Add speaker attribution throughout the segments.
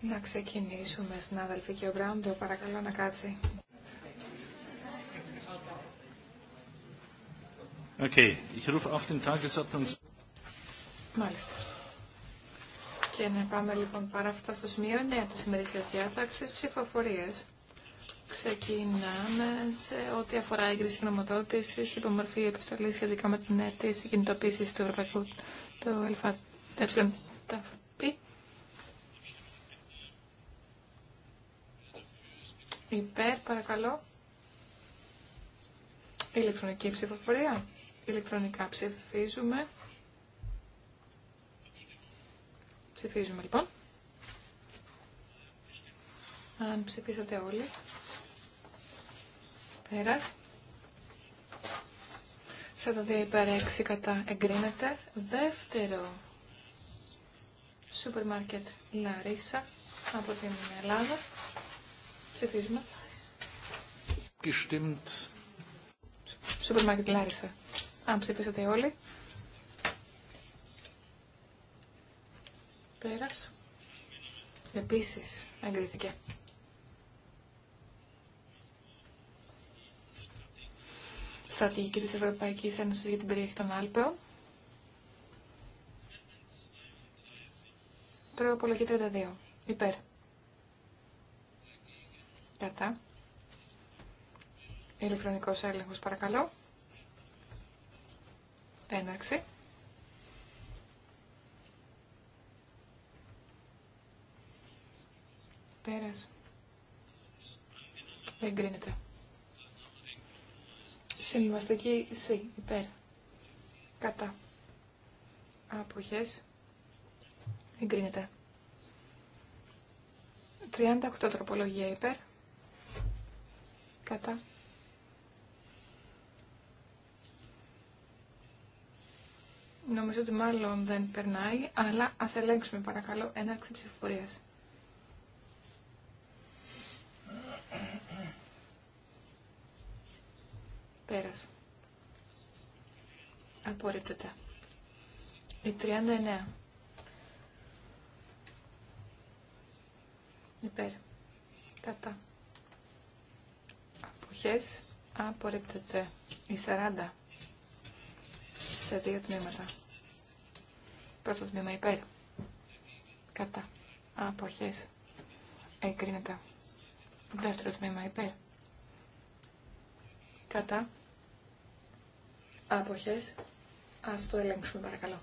Speaker 1: Να
Speaker 2: ξεκινήσουμε, συνάδελφοι, και ο Μπράουντο, παρακαλώ να κάτσει.
Speaker 3: Okay, ich rufe auf den Tagesordnungs...
Speaker 2: Μάλιστα. Και να πάμε λοιπόν παρά αυτά στο σημείο νέα της ημερήσιας διάταξης ψηφοφορίες. Ξεκινάμε σε ό,τι αφορά έγκριση γνωμοδότηση υπομορφή επιστολή σχετικά με την αίτηση κινητοποίηση του Ευρωπαϊκού το ταφπί. υπέρ παρακαλώ ηλεκτρονική ψηφοφορία ηλεκτρονικά ψηφίζουμε ψηφίζουμε λοιπόν αν ψηφίσατε όλοι πέρας το υπέρ 6 κατά εγκρίνεται. Δεύτερο σούπερ μάρκετ Λαρίσα από την Ελλάδα. Ψηφίζουμε.
Speaker 4: Gestimmt.
Speaker 2: Σούπερ μάρκετ Λάρισα. Αν ψηφίσατε όλοι. Πέρας. Επίσης εγκρίθηκε. στρατηγική της Ευρωπαϊκής Ένωσης για την περιοχή των Άλπαιων. Τροπολογία 32. Υπέρ. Κατά. Ηλεκτρονικός έλεγχος παρακαλώ. Έναρξη. Πέρας. Εγκρίνεται. Συμβαστική C, υπέρ. Κατά. Αποχές. Εγκρίνεται. 38 τροπολογία υπέρ. Κατά. Νομίζω ότι μάλλον δεν περνάει, αλλά ας ελέγξουμε παρακαλώ έναρξη ψηφοφορίας. πέρασε. Απορρίπτεται. Η 39. Υπέρ. Κατά. Αποχές. Απορρίπτεται. Η 40. Σε δύο τμήματα. Πρώτο τμήμα υπέρ. Κατά. Αποχές. Εγκρίνεται. Δεύτερο τμήμα υπέρ. Κατά. Άποχες. Ας το ελέγξουμε παρακαλώ.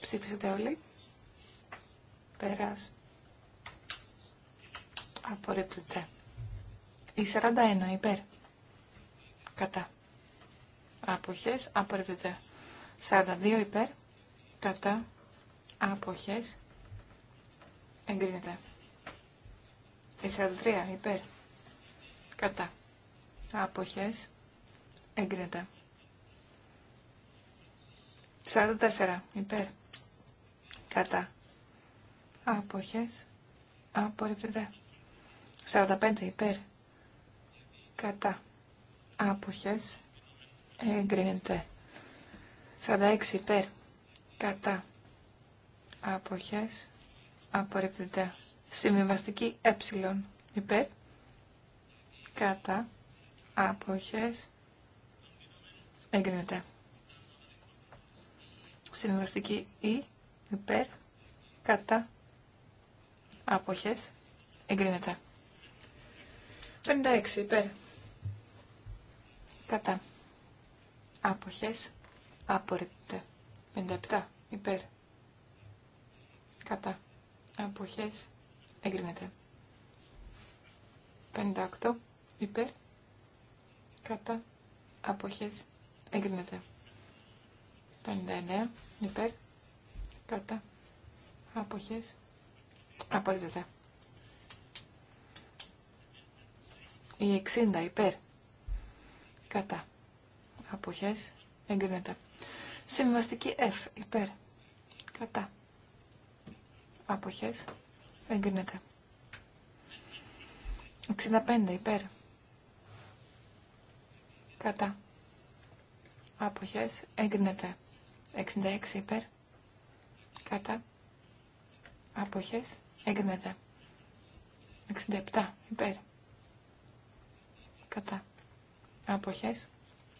Speaker 2: ψήφισετε όλοι. Πέρας. Απορρίπτεται. Η 41 υπέρ. Κατά. Άποχες. Απορρίπτεται. 42 υπέρ. Κατά. Άποχες. Εγκρίνεται. Η 43 υπέρ. Κατά. Αποχές. Εγκρίνεται. 44. Υπέρ. Κατά. Αποχές. Απορρίπτεται. 45. Υπέρ. Κατά. Αποχές. Εγκρίνεται. 46. Υπέρ. Κατά. Αποχές. Απορρίπτεται. Συμβιβαστική ε. Υπέρ κατά αποχές εγκρίνεται. Συνεργαστική ή υπέρ κατά αποχές εγκρίνεται. 56 υπέρ κατά αποχές απορρίπτεται. 57 υπέρ κατά αποχές εγκρίνεται. 58 υπέρ, κατά, αποχές, εγκρίνεται. 59 υπέρ, κατά, αποχές, απορρίπτεται. Η 60 υπέρ, κατά, αποχές, εγκρίνεται. Συμβαστική F υπέρ, κατά, αποχές, εγκρίνεται. 65 υπέρ, κατά αποχές έγκρινεται 66 υπέρ κατά αποχές έγκρινεται 67 υπέρ κατά αποχές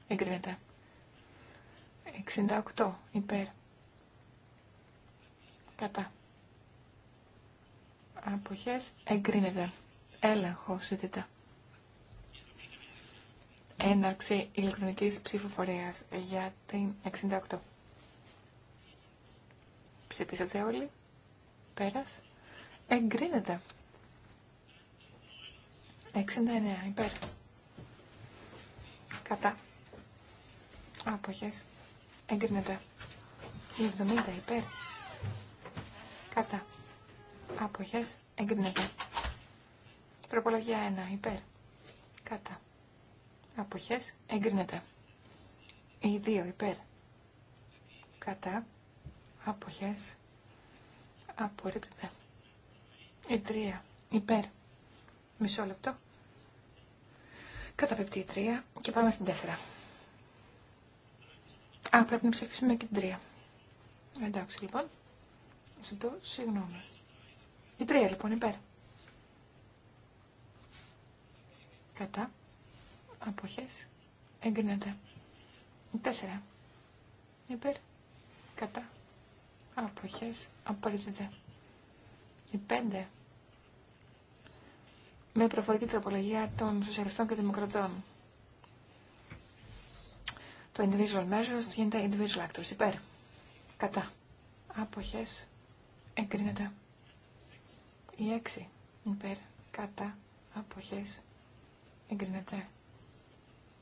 Speaker 2: έγκρινεται 68 υπέρ κατά αποχές εγκρίνεται έλεγχο ζητητά έναρξη ηλεκτρονικής ψηφοφορίας για την 68. Ψηφίσατε όλοι. Πέρας. Εγκρίνεται. 69 υπέρ. Κατά. Άποχες. Εγκρίνεται. 70 υπέρ. Κατά. Άποχες. Εγκρίνεται. Προπολογία 1 υπέρ. Κατά αποχές εγκρίνεται. Οι δύο υπέρ κατά αποχές απορρίπτεται. Η τρία υπέρ μισό λεπτό. Καταπεπτεί η τρία και πάμε στην τέσσερα. Α, πρέπει να ψηφίσουμε και την τρία. Εντάξει λοιπόν. Ζητώ συγγνώμη. Η τρία λοιπόν υπέρ. Κατά αποχές εγκρίνεται. Τέσσερα, υπέρ κατά αποχές απορρίπτεται. Η πέντε, με προφορική τροπολογία των σοσιαλιστών και δημοκρατών. Το individual measures γίνεται individual actors. Υπέρ. Κατά. Άποχες. Εγκρίνεται. Η έξι, Υπέρ. Κατά. Άποχες. Εγκρίνεται.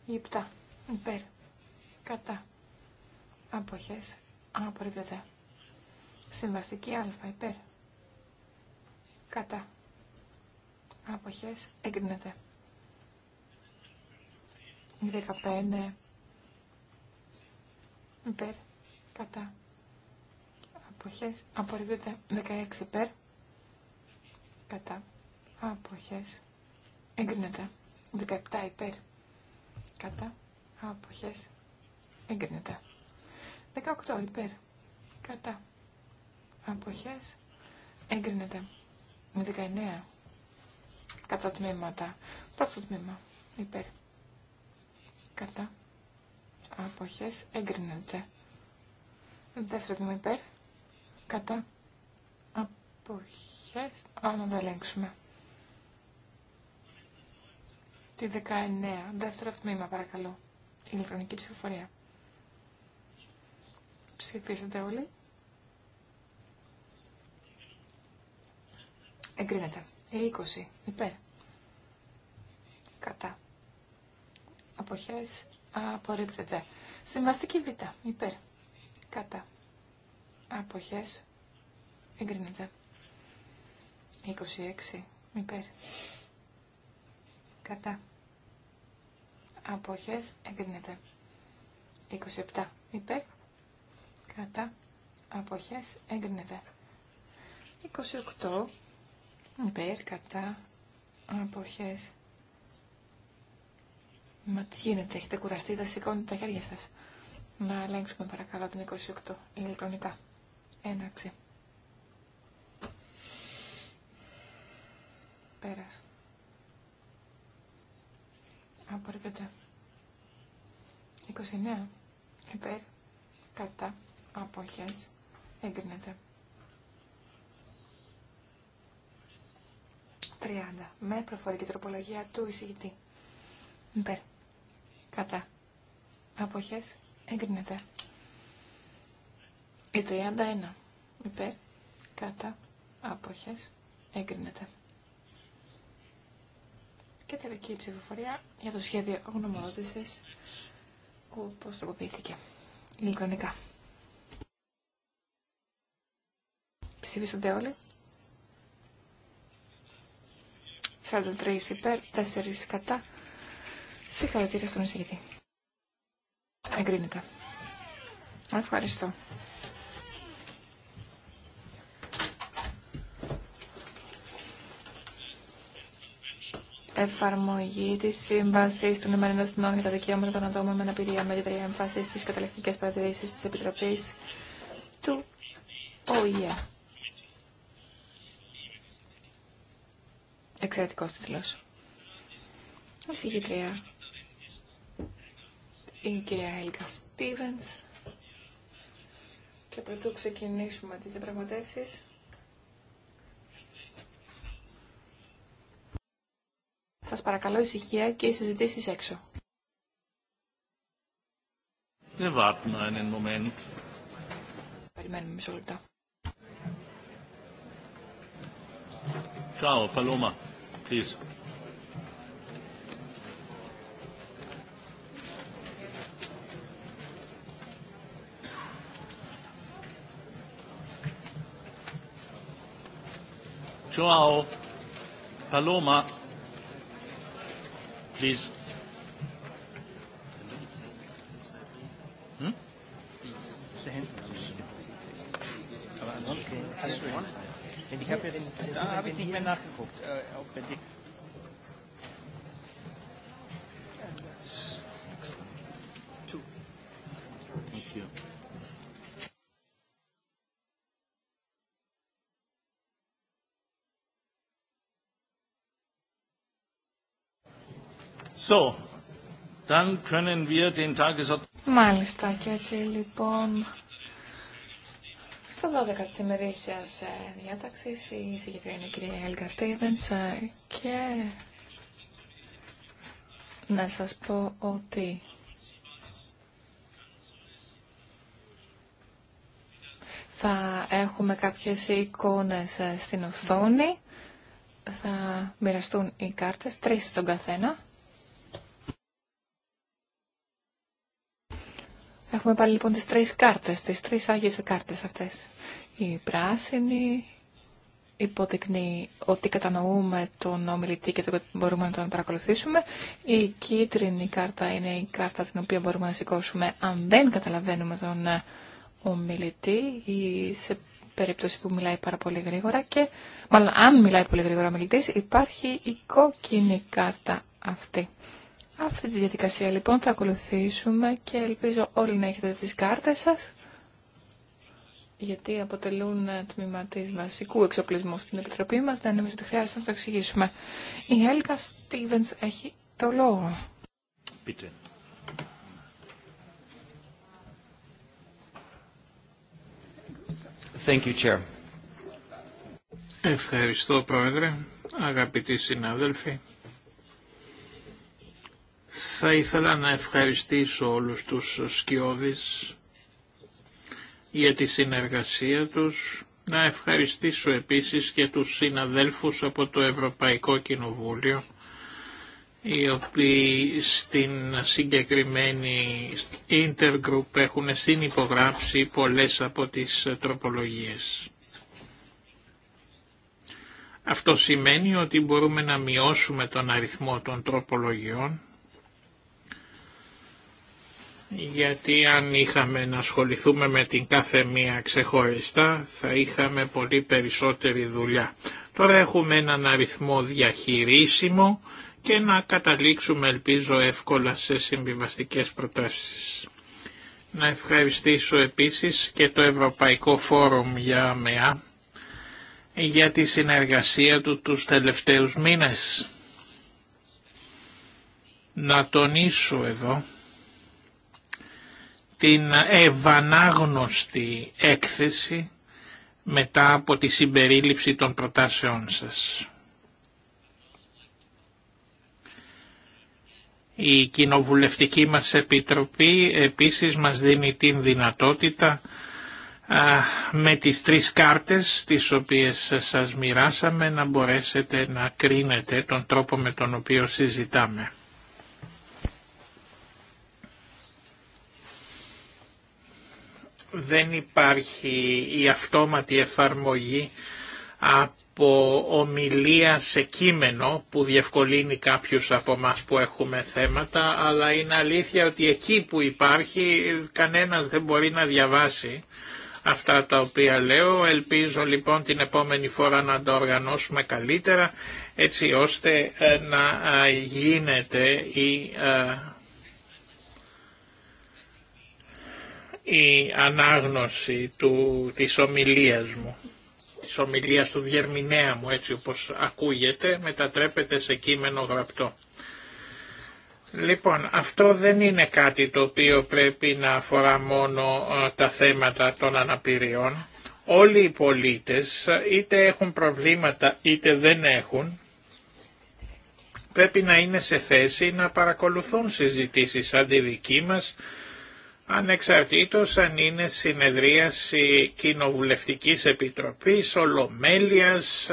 Speaker 2: Υπτά. 7 υπέρ. Κατά. Αποχές. Απορρίπτεται. Συμβαστική α υπέρ. Κατά. Αποχές. Εγκρίνεται. 15 υπέρ. Κατά. Αποχές. Απορρίπτεται. 16 υπέρ. Κατά. Αποχές. Εγκρίνεται. 17 υπέρ. Κατά. Αποχές. Εγκρίνεται. 18 υπέρ. Κατά. Αποχές. Εγκρίνεται. 19. Κατά τμήματα. Πρώτο τμήμα. Υπέρ. Κατά. Αποχές. Εγκρίνεται. Δεύτερο τμήμα υπέρ. Κατά. Αποχές. Άρα το ελέγξουμε. Τη 19. Δεύτερο τμήμα, παρακαλώ. Ηλεκτρονική ψηφοφορία. Ψηφίσατε όλοι. Εγκρίνεται. 20. Υπέρ. Κατά. Αποχές. Απορρίπτεται. Συμβαστική Β. Υπέρ. Κατά. Αποχές. Εγκρίνεται. 26. Υπέρ. Κατά αποχές εγκρίνεται. 27 υπέρ, κατά, αποχές εγκρίνεται. 28 υπέρ, κατά, αποχές. Μα τι γίνεται, έχετε κουραστεί, θα σηκώνετε τα χέρια σας. Να ελέγξουμε παρακαλώ τον 28 ηλεκτρονικά. Έναρξη. Πέρασε. Απορρίπτεται. 29. Υπέρ. Κατά. Αποχές. Έγκρινεται. 30. Με προφορική τροπολογία του εισηγητή. Υπέρ. Κατά. Αποχές. Έγκρινεται. Η 31. Υπέρ. Κατά. Αποχές. Έγκρινεται και τελική ψηφοφορία για το σχέδιο γνωμοδότηση που πώς τροποποιήθηκε ηλεκτρονικά. Ψηφίσατε όλοι. 43 υπέρ, 4 κατά. Συγχαρητήρια στον εισηγητή. Εγκρίνεται. Ευχαριστώ. εφαρμογή τη Σύμβαση του Ηνωμένων Εθνών για τα Δικαιώματα των Ατόμων με Αναπηρία με ιδιαίτερη έμφαση στι καταληκτικέ παρατηρήσει τη Επιτροπή του ΟΗΕ. Εξαιρετικό τίτλο. Η Η κυρία Έλικα Στίβεν. Και πρωτού ξεκινήσουμε τι διαπραγματεύσει. Σας παρακαλώ ησυχία και οι συζητήσεις έξω.
Speaker 4: Wir warten einen Moment.
Speaker 2: Περιμένουμε μισό λεπτό.
Speaker 3: Ciao, Paloma, please.
Speaker 4: Ciao, Paloma please.
Speaker 2: Ich habe mehr nachgeguckt,
Speaker 4: So, dann können wir den Tagesordnung...
Speaker 2: Μάλιστα, και έτσι λοιπόν στο 12 τη ημερήσιας ε, διάταξη. η συγκεκριμένη κυρία Έλγα Στίβενς και να σα πω ότι θα έχουμε κάποιε εικόνε ε, στην οθόνη θα μοιραστούν οι κάρτε τρει στον καθένα Έχουμε πάλι λοιπόν τις τρεις κάρτες, τις τρεις άγιες κάρτες αυτές. Η πράσινη υποδεικνύει ότι κατανοούμε τον ομιλητή και το μπορούμε να τον παρακολουθήσουμε. Η κίτρινη κάρτα είναι η κάρτα την οποία μπορούμε να σηκώσουμε αν δεν καταλαβαίνουμε τον ε, ομιλητή ή σε περίπτωση που μιλάει πάρα πολύ γρήγορα και μάλλον αν μιλάει πολύ γρήγορα ο ομιλητής υπάρχει η κόκκινη κάρτα αυτή. Αυτή τη διαδικασία λοιπόν θα ακολουθήσουμε και ελπίζω όλοι να έχετε τις κάρτες σας γιατί αποτελούν τμήμα τη βασικού εξοπλισμού στην Επιτροπή μας. Δεν νομίζω ότι χρειάζεται να το εξηγήσουμε. Η Έλκα Στίβενς έχει το λόγο.
Speaker 4: Πείτε. Thank you, Chair. Ευχαριστώ, Πρόεδρε. Αγαπητοί συνάδελφοι, θα ήθελα να ευχαριστήσω όλους τους σκιώδεις για τη συνεργασία τους. Να ευχαριστήσω επίσης και τους συναδέλφους από το Ευρωπαϊκό Κοινοβούλιο οι οποίοι στην συγκεκριμένη Intergroup έχουν συνυπογράψει πολλές από τις τροπολογίες. Αυτό σημαίνει ότι μπορούμε να μειώσουμε τον αριθμό των τροπολογιών γιατί αν είχαμε να ασχοληθούμε με την κάθε μία ξεχωριστά θα είχαμε πολύ περισσότερη δουλειά. Τώρα έχουμε έναν αριθμό διαχειρίσιμο και να καταλήξουμε ελπίζω εύκολα σε συμβιβαστικές προτάσεις. Να ευχαριστήσω επίσης και το Ευρωπαϊκό Φόρουμ για ΑΜΕΑ για τη συνεργασία του τους τελευταίους μήνες. Να τονίσω εδώ την ευανάγνωστη έκθεση μετά από τη συμπερίληψη των προτάσεών σας. Η Κοινοβουλευτική μας Επιτροπή επίσης μας δίνει την δυνατότητα με τις τρεις κάρτες τις οποίες σας μοιράσαμε να μπορέσετε να κρίνετε τον τρόπο με τον οποίο συζητάμε. δεν υπάρχει η αυτόματη εφαρμογή από ομιλία σε κείμενο που διευκολύνει κάποιους από μας που έχουμε θέματα, αλλά είναι αλήθεια ότι εκεί που υπάρχει κανένας δεν μπορεί να διαβάσει αυτά τα οποία λέω. Ελπίζω λοιπόν την επόμενη φορά να τα οργανώσουμε καλύτερα έτσι ώστε ε, να ε, γίνεται η ε, η ανάγνωση του, της ομιλίας μου, της ομιλίας του διερμηνέα μου έτσι όπως ακούγεται μετατρέπεται σε κείμενο γραπτό. Λοιπόν, αυτό δεν είναι κάτι το οποίο πρέπει να αφορά μόνο ε, τα θέματα των αναπηριών. Όλοι οι πολίτες ε, είτε έχουν προβλήματα είτε δεν έχουν πρέπει να είναι σε θέση να παρακολουθούν συζητήσεις σαν τη δική μας ανεξαρτήτως αν είναι συνεδρίαση κοινοβουλευτικής επιτροπής, ολομέλειας,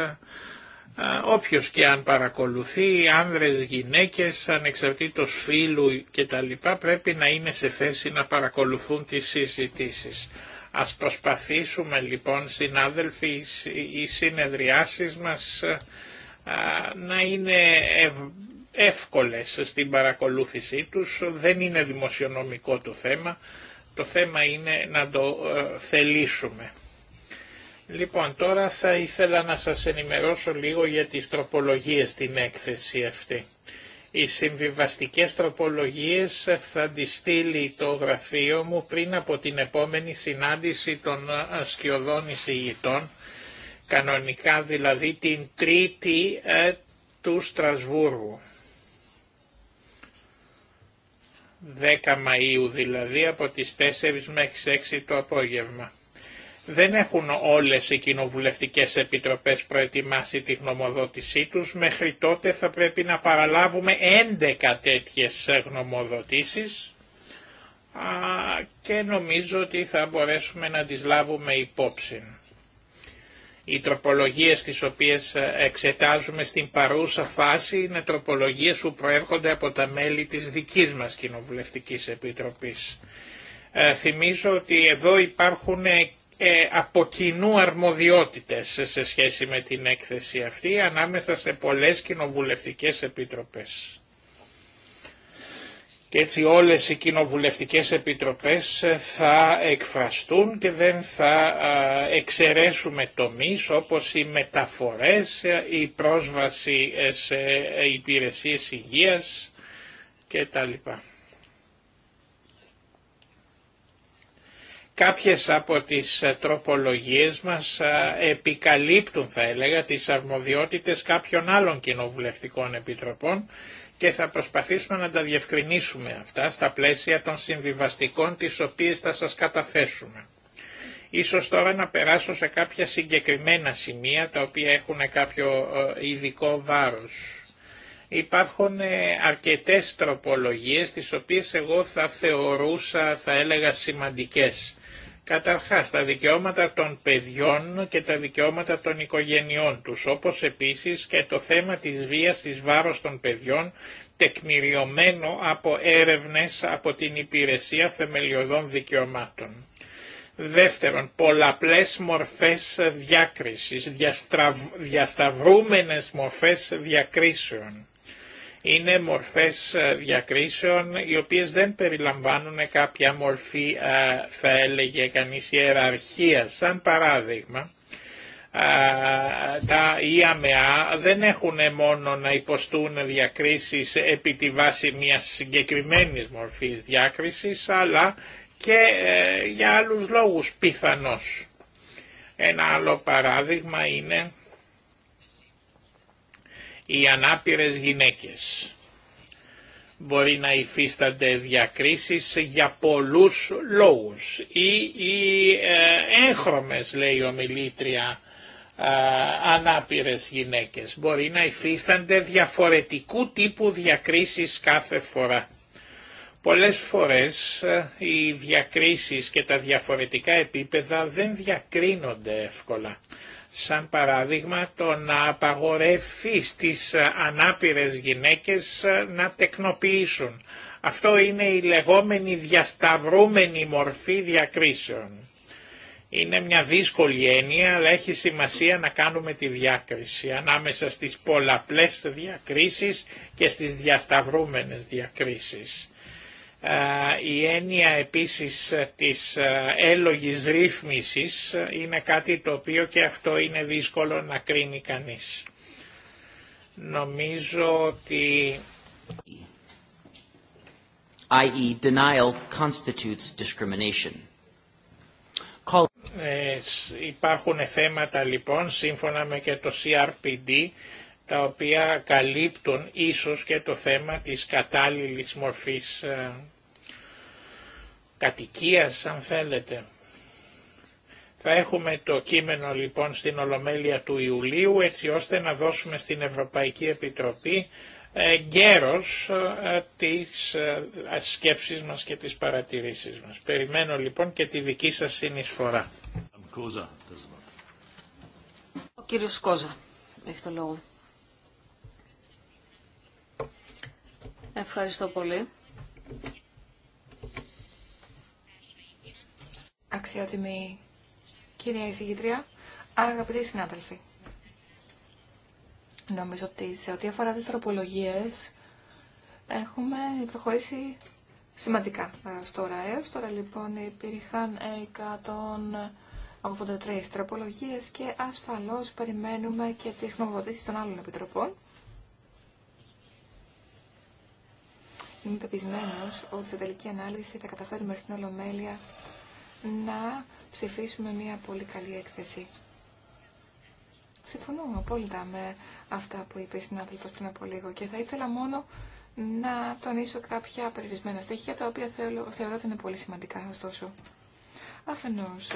Speaker 4: όποιος και αν παρακολουθεί, άνδρες, γυναίκες, ανεξαρτήτως φίλου κτλ. πρέπει να είναι σε θέση να παρακολουθούν τις συζητήσεις. Ας προσπαθήσουμε λοιπόν συνάδελφοι οι συνεδριάσεις μας να είναι εύκολες στην παρακολούθησή τους, δεν είναι δημοσιονομικό το θέμα, το θέμα είναι να το ε, θελήσουμε. Λοιπόν, τώρα θα ήθελα να σας ενημερώσω λίγο για τις τροπολογίες στην έκθεση αυτή. Οι συμβιβαστικές τροπολογίες θα τις στείλει το γραφείο μου πριν από την επόμενη συνάντηση των ασκιωδών ε, εισηγητών, κανονικά δηλαδή την τρίτη ε, του Στρασβούργου. 10 Μαΐου δηλαδή από τις 4 μέχρι 6 το απόγευμα. Δεν έχουν όλες οι κοινοβουλευτικές επιτροπές προετοιμάσει τη γνωμοδότησή τους, μέχρι τότε θα πρέπει να παραλάβουμε 11 τέτοιες γνωμοδοτήσεις και νομίζω ότι θα μπορέσουμε να τις λάβουμε υπόψη. Οι τροπολογίες τις οποίες ε, εξετάζουμε στην παρούσα φάση είναι τροπολογίες που προέρχονται από τα μέλη της δικής μας Κοινοβουλευτικής Επιτροπής. Ε, θυμίζω ότι εδώ υπάρχουν ε, ε από κοινού αρμοδιότητες σε σχέση με την έκθεση αυτή ανάμεσα σε πολλές κοινοβουλευτικές επιτροπές. Και έτσι όλες οι κοινοβουλευτικές επιτροπές ε, θα εκφραστούν και δεν θα εξαιρέσουμε τομείς όπως οι μεταφορές, ε, η πρόσβαση ε, σε υπηρεσίες υγείας κτλ. Κάποιες από τις τροπολογίες μας επικαλύπτουν θα έλεγα τις αρμοδιότητες κάποιων άλλων κοινοβουλευτικών επιτροπών και θα προσπαθήσουμε να τα διευκρινίσουμε αυτά στα πλαίσια των συμβιβαστικών τις οποίες θα σας καταθέσουμε. Ίσως τώρα να περάσω σε κάποια συγκεκριμένα σημεία τα οποία έχουν κάποιο ε, ειδικό βάρος. Υπάρχουν ε, αρκετές τροπολογίες τις οποίες εγώ θα θεωρούσα, θα έλεγα σημαντικές. Καταρχάς τα δικαιώματα των παιδιών και τα δικαιώματα των οικογενειών τους, όπως επίσης και το θέμα της βίας της βάρος των παιδιών, τεκμηριωμένο από έρευνες από την Υπηρεσία Θεμελιωδών Δικαιωμάτων. Δεύτερον, πολλαπλές μορφές διάκρισης, διασταυρούμενες μορφές διακρίσεων είναι μορφές ε, διακρίσεων οι οποίες δεν περιλαμβάνουν κάποια μορφή ε, θα έλεγε κανείς ιεραρχία. Σαν παράδειγμα ε, τα ΙΑΜΕΑ δεν έχουν μόνο να υποστούν διακρίσεις επί τη βάση μιας συγκεκριμένης μορφής διάκρισης αλλά και για άλλους λόγους πιθανώς. Ένα άλλο παράδειγμα είναι οι ανάπηρες γυναίκες. Μπορεί να υφίστανται διακρίσεις για πολλούς λόγους ή οι ε, έγχρωμες λέει ομιλήτρια ε, ανάπηρες γυναίκες. Μπορεί να υφίστανται διαφορετικού τύπου διακρίσεις κάθε φορά. Πολλές φορές ε, οι διακρίσεις και τα διαφορετικά επίπεδα δεν διακρίνονται εύκολα σαν παράδειγμα το να απαγορεύει στις ε, ανάπηρες γυναίκες ε, να τεκνοποιήσουν. Αυτό είναι η λεγόμενη διασταυρούμενη μορφή διακρίσεων. Είναι μια δύσκολη έννοια, αλλά έχει σημασία να κάνουμε τη διάκριση ανάμεσα στις πολλαπλές διακρίσεις και στις διασταυρούμενες διακρίσεις. Ε, η έννοια επίσης της ε, έλογης ρύθμισης είναι κάτι το οποίο και αυτό είναι δύσκολο να κρίνει κανείς. Νομίζω ότι...
Speaker 1: I.e. denial constitutes discrimination.
Speaker 4: Ε, υπάρχουν θέματα λοιπόν σύμφωνα με και το CRPD τα οποία καλύπτουν ίσως και το θέμα της κατάλληλης μορφής ε, κατοικίας, αν θέλετε. Θα έχουμε το κείμενο λοιπόν στην Ολομέλεια του Ιουλίου έτσι ώστε να δώσουμε στην Ευρωπαϊκή Επιτροπή ε, γέρος ε, τις σκέψεις μας και της παρατηρήσεις μας. Περιμένω λοιπόν και τη δική σας συνεισφορά.
Speaker 1: Ο κύριος Κόζα έχει το λόγο. Ευχαριστώ πολύ.
Speaker 2: Αξιότιμη κυρία εισηγητρία, αγαπητοί συνάδελφοι. Νομίζω ότι σε ό,τι αφορά τις τροπολογίες έχουμε προχωρήσει σημαντικά ε, στο τώρα. τώρα λοιπόν υπήρχαν 183 τροπολογίες και ασφαλώς περιμένουμε και τις γνωμοδοτήσεις των άλλων επιτροπών είμαι πεπισμένο ότι σε τελική ανάλυση θα καταφέρουμε στην Ολομέλεια να ψηφίσουμε μια πολύ καλή έκθεση. Συμφωνώ απόλυτα με αυτά που είπε η συνάδελφος πριν από λίγο και θα ήθελα μόνο να τονίσω κάποια περιορισμένα στοιχεία τα οποία θεωρώ, ότι είναι πολύ σημαντικά ωστόσο. Αφενός,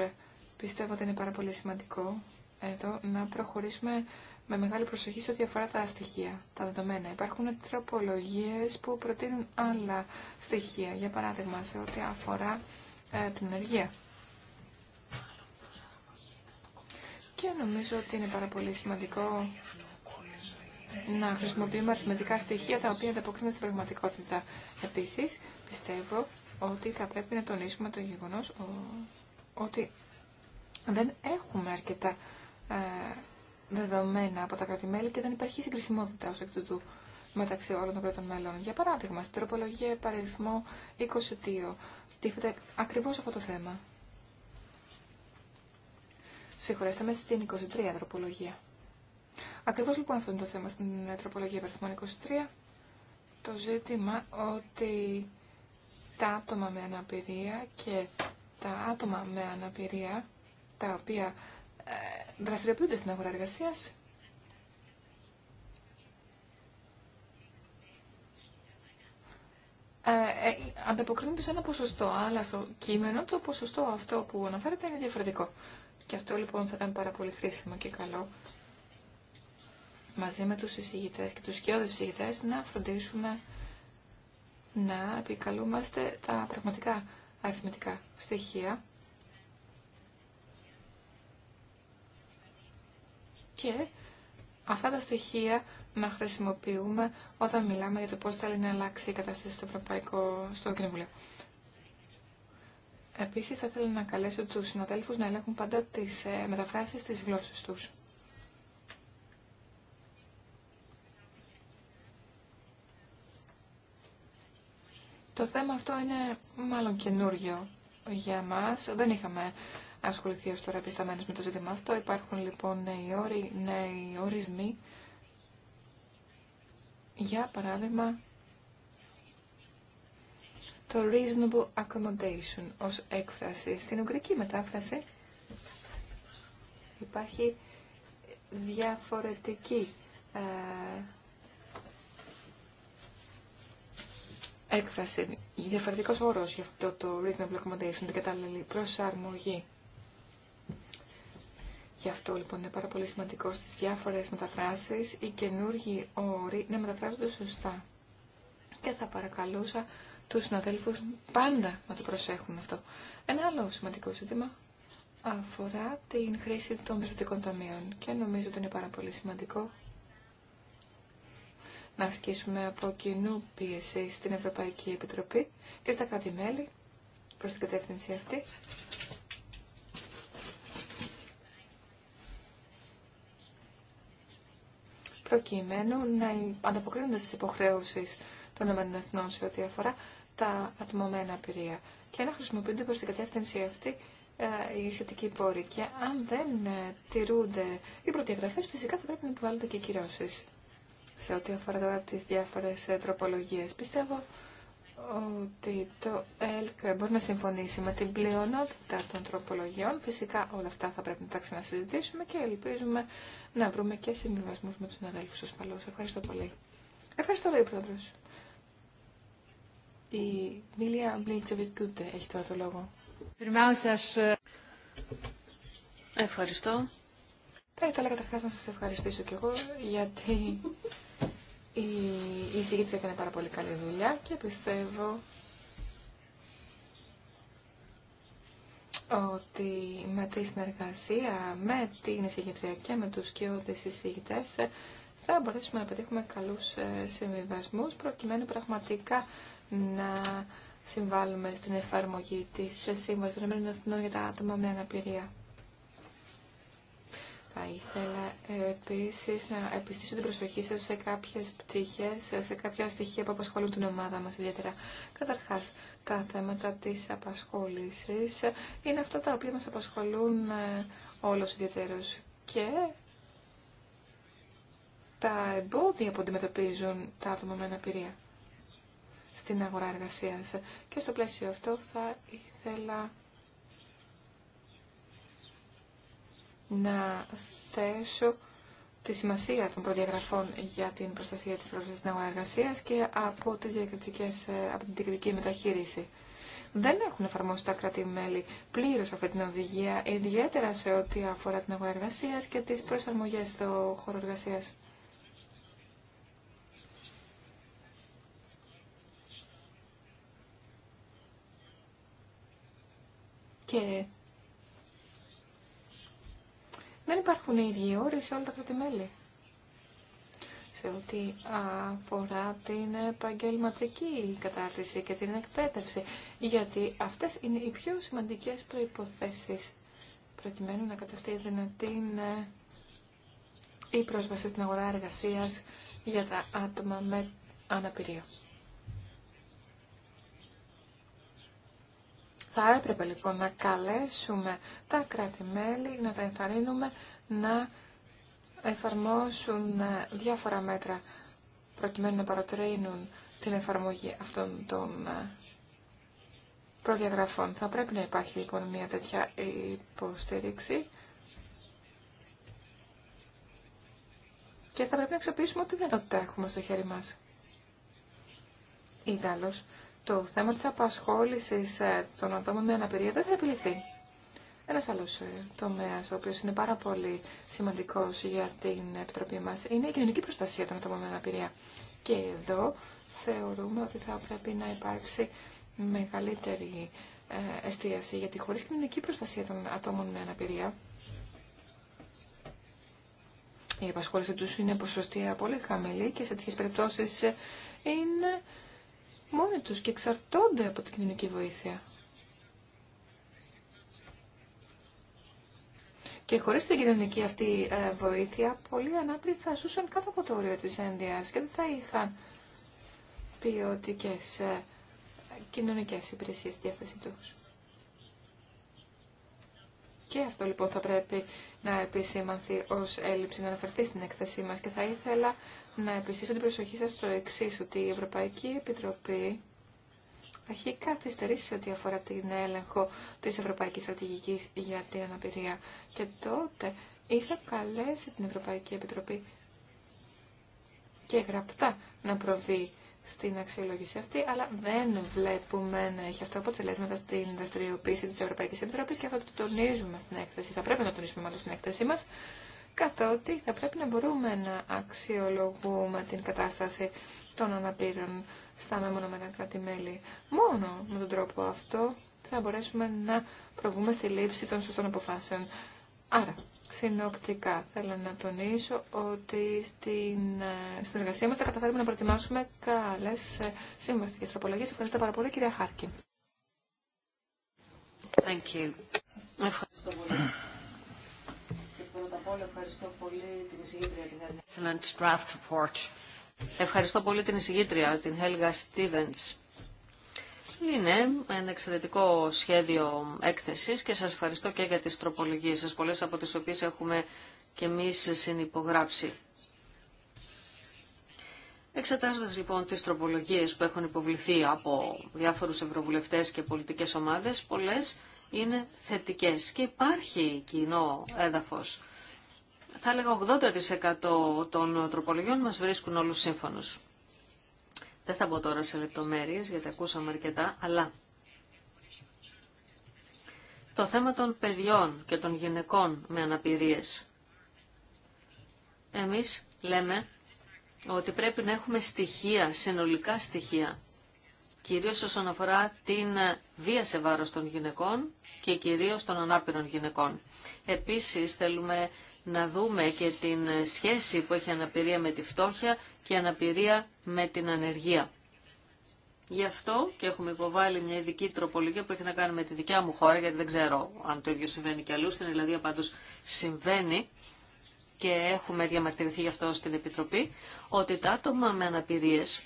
Speaker 2: πιστεύω ότι είναι πάρα πολύ σημαντικό εδώ να προχωρήσουμε με μεγάλη προσοχή σε ό,τι αφορά τα στοιχεία, τα δεδομένα. Υπάρχουν τροπολογίες που προτείνουν άλλα στοιχεία, για παράδειγμα σε ό,τι αφορά ε, την ενεργεία. Και νομίζω ότι είναι πάρα πολύ σημαντικό να χρησιμοποιούμε αριθμητικά στοιχεία τα οποία ανταποκρίνονται στην πραγματικότητα. Επίσης, πιστεύω ότι θα πρέπει να τονίσουμε το γεγονός ότι δεν έχουμε αρκετά ε, δεδομένα από τα κράτη-μέλη και δεν υπάρχει συγκρισιμότητα ως εκ τούτου μεταξύ όλων των κρατών μέλων. Για παράδειγμα, στην τροπολογία παρελθμό 22 τίθεται ακριβώς αυτό το θέμα. Συγχωρέσαμε στην 23 τροπολογία. Ακριβώς λοιπόν αυτό είναι το θέμα στην τροπολογία παρελθμό 23. Το ζήτημα ότι τα άτομα με αναπηρία και τα άτομα με αναπηρία τα οποία ε, δραστηριοποιούνται στην αγορά εργασία. Ε, ε, ανταποκρίνονται σε ένα ποσοστό, αλλά στο κείμενο το ποσοστό αυτό που αναφέρεται είναι διαφορετικό. Και αυτό λοιπόν θα ήταν πάρα πολύ χρήσιμο και καλό μαζί με τους εισηγητές και τους σκιώδες εισηγητές να φροντίσουμε να επικαλούμαστε τα πραγματικά αριθμητικά στοιχεία και αυτά τα στοιχεία να χρησιμοποιούμε όταν μιλάμε για το πώς θέλει να αλλάξει η κατάσταση στο Ευρωπαϊκό στο Κοινοβουλίο. Επίσης θα ήθελα να καλέσω τους συναδέλφους να ελέγχουν πάντα τις ε, μεταφράσεις της γλώσσας τους. Το θέμα αυτό είναι μάλλον καινούριο για μας. Δεν είχαμε ασχοληθεί ως τώρα επισταμένος με το ζήτημα αυτό. Υπάρχουν λοιπόν νέοι, όροι, ορισμοί. Για παράδειγμα, το reasonable accommodation ως έκφραση. Στην ουγγρική μετάφραση υπάρχει διαφορετική ε, έκφραση, διαφορετικός όρος για αυτό το reasonable accommodation, την κατάλληλη προσαρμογή. Γι' αυτό λοιπόν είναι πάρα πολύ σημαντικό στις διάφορες μεταφράσεις οι καινούργοι όροι να μεταφράζονται σωστά. Και θα παρακαλούσα τους συναδέλφους πάντα να το προσέχουν αυτό. Ένα άλλο σημαντικό ζήτημα αφορά την χρήση των πιστοτικών ταμείων και νομίζω ότι είναι πάρα πολύ σημαντικό να ασκήσουμε από κοινού πίεση στην Ευρωπαϊκή Επιτροπή και στα κράτη-μέλη προς την κατεύθυνση αυτή προκειμένου να ανταποκρίνονται στις υποχρέωσεις των ΕΕ σε ό,τι αφορά τα ατμωμένα πυρία και να χρησιμοποιούνται προς την κατεύθυνση αυτή ε, οι σχετικοί πόροι. Και αν δεν ε, τηρούνται οι προδιαγραφές, φυσικά θα πρέπει να υποβάλλονται και κυρώσεις σε ό,τι αφορά τώρα τις διάφορες ε, τροπολογίες. Πιστεύω ότι το ΕΛΚ μπορεί να συμφωνήσει με την πλειονότητα των τροπολογιών. Φυσικά όλα αυτά θα πρέπει να τα ξανασυζητήσουμε και ελπίζουμε να βρούμε και συμβιβασμούς με τους συναδέλφους ασφαλώς. Ευχαριστώ πολύ. Ευχαριστώ πολύ, Πρόεδρος. Η Μίλια Μπλίτσεβιτ Κούτε έχει τώρα το λόγο. Ε, Ευχαριστώ. Θα ήθελα καταρχάς να σας ευχαριστήσω κι εγώ γιατί η, η έκανε πάρα πολύ καλή δουλειά και πιστεύω ότι με τη συνεργασία με την εισηγητρία και με τους κοιόδες εισηγητές θα μπορέσουμε να πετύχουμε καλούς ε, συμβιβασμού προκειμένου πραγματικά να συμβάλλουμε στην εφαρμογή της Σύμβασης των Εθνών για τα άτομα με αναπηρία. Θα ήθελα ε, επίσης να επιστήσω την προσοχή σας σε κάποιες πτυχές, ε, σε κάποια στοιχεία που απασχολούν την ομάδα μας ιδιαίτερα. Καταρχάς, τα θέματα της απασχόλησης ε, είναι αυτά τα οποία μας απασχολούν όλος ιδιαίτερω και τα εμπόδια που αντιμετωπίζουν τα άτομα με αναπηρία στην αγορά εργασίας. Και στο πλαίσιο αυτό θα ήθελα να θέσω τη σημασία των προδιαγραφών για την προστασία της πρόσβασης στην εργασία και από, τις ε, από την διακριτική μεταχείριση. Δεν έχουν εφαρμόσει τα κράτη-μέλη πλήρως αυτή την οδηγία, ιδιαίτερα σε ό,τι αφορά την αγορά εργασία και τις προσαρμογές στο χώρο εργασία. Και υπάρχουν οι ίδιοι όροι σε όλα τα κρατημέλη. Σε ό,τι αφορά την επαγγελματική κατάρτιση και την εκπαίδευση. Γιατί αυτές είναι οι πιο σημαντικές προϋποθέσεις προκειμένου να καταστεί δυνατή ε, η πρόσβαση στην αγορά εργασίας για τα άτομα με αναπηρία. Θα έπρεπε λοιπόν να καλέσουμε τα κράτη-μέλη, να τα ενθαρρύνουμε να εφαρμόσουν ε, διάφορα μέτρα προκειμένου να παροτρύνουν την εφαρμογή αυτών των ε, προδιαγραφών. Θα πρέπει να υπάρχει λοιπόν μια τέτοια υποστήριξη και θα πρέπει να αξιοποιήσουμε ό,τι το έχουμε στο χέρι μας. Ιδάλλως, το θέμα της απασχόλησης ε, των ατόμων με αναπηρία δεν θα επιληθεί. Ένας άλλος ε, τομέας, ο οποίος είναι πάρα πολύ σημαντικός για την Επιτροπή μας, είναι η κοινωνική προστασία των ατόμων με αναπηρία. Και εδώ θεωρούμε ότι θα πρέπει να υπάρξει μεγαλύτερη ε, εστίαση, γιατί χωρίς κοινωνική προστασία των ατόμων με αναπηρία, η απασχόληση τους είναι ποσοστία πολύ χαμηλή και σε τέτοιες περιπτώσεις είναι μόνοι τους και εξαρτώνται από την κοινωνική βοήθεια. Και χωρίς την κοινωνική αυτή ε, βοήθεια, πολλοί ανάπηροι θα ζούσαν κάτω από το όριο της ένδυας και δεν θα είχαν ποιοτικέ ε, κοινωνικές υπηρεσίες στη διάθεση τους. Και αυτό λοιπόν θα πρέπει να επισήμανθει ως έλλειψη, να αναφερθεί στην έκθεσή μας και θα ήθελα να επιστήσω την προσοχή σας στο εξή ότι η Ευρωπαϊκή Επιτροπή έχει καθυστερήσει σε ό,τι αφορά την έλεγχο της Ευρωπαϊκής Στρατηγικής για την αναπηρία. Και τότε είχα καλέσει την Ευρωπαϊκή Επιτροπή και γραπτά να προβεί στην αξιολόγηση αυτή, αλλά δεν βλέπουμε να έχει αυτό αποτελέσματα στην δραστηριοποίηση της Ευρωπαϊκής Επιτροπής και αυτό το τονίζουμε στην έκθεση. Θα πρέπει να τονίσουμε μάλλον στην έκθεσή μας καθότι θα πρέπει να μπορούμε να αξιολογούμε την κατάσταση των αναπήρων στα μεμονωμένα κράτη-μέλη. Μόνο με τον τρόπο αυτό θα μπορέσουμε να προβούμε στη λήψη των σωστών αποφάσεων. Άρα, συνοπτικά θέλω να τονίσω ότι στην ε, συνεργασία μας θα καταφέρουμε να προετοιμάσουμε καλές ε, συμβαστικές τροπολογίες. Ευχαριστώ πάρα πολύ, κυρία Χάρκη
Speaker 1: ευχαριστώ πολύ την εισηγήτρια την Helga. Stevens. Είναι ένα εξαιρετικό σχέδιο έκθεσης και σας ευχαριστώ και για τις τροπολογίες σας, πολλές από τις οποίες έχουμε και εμείς συνυπογράψει. Εξετάζοντα λοιπόν τι τροπολογίε που έχουν υποβληθεί από διάφορου ευρωβουλευτέ και πολιτικέ ομάδε, πολλέ είναι θετικέ και υπάρχει κοινό έδαφο θα έλεγα 80% των τροπολογιών μας βρίσκουν όλους σύμφωνους. Δεν θα μπω τώρα σε λεπτομέρειες, γιατί ακούσαμε αρκετά, αλλά το θέμα των παιδιών και των γυναικών με αναπηρίες. Εμείς λέμε ότι πρέπει να έχουμε στοιχεία, συνολικά στοιχεία, κυρίως όσον αφορά την βία σε βάρος των γυναικών και κυρίως των ανάπηρων γυναικών. Επίσης θέλουμε να δούμε και την σχέση που έχει αναπηρία με τη φτώχεια και αναπηρία με την ανεργία. Γι' αυτό και έχουμε υποβάλει μια ειδική τροπολογία που έχει να κάνει με τη δικιά μου χώρα, γιατί δεν ξέρω αν το ίδιο συμβαίνει και αλλού. Στην Ελλαδία πάντως συμβαίνει και έχουμε διαμαρτυρηθεί γι' αυτό στην Επιτροπή, ότι τα άτομα με αναπηρίες,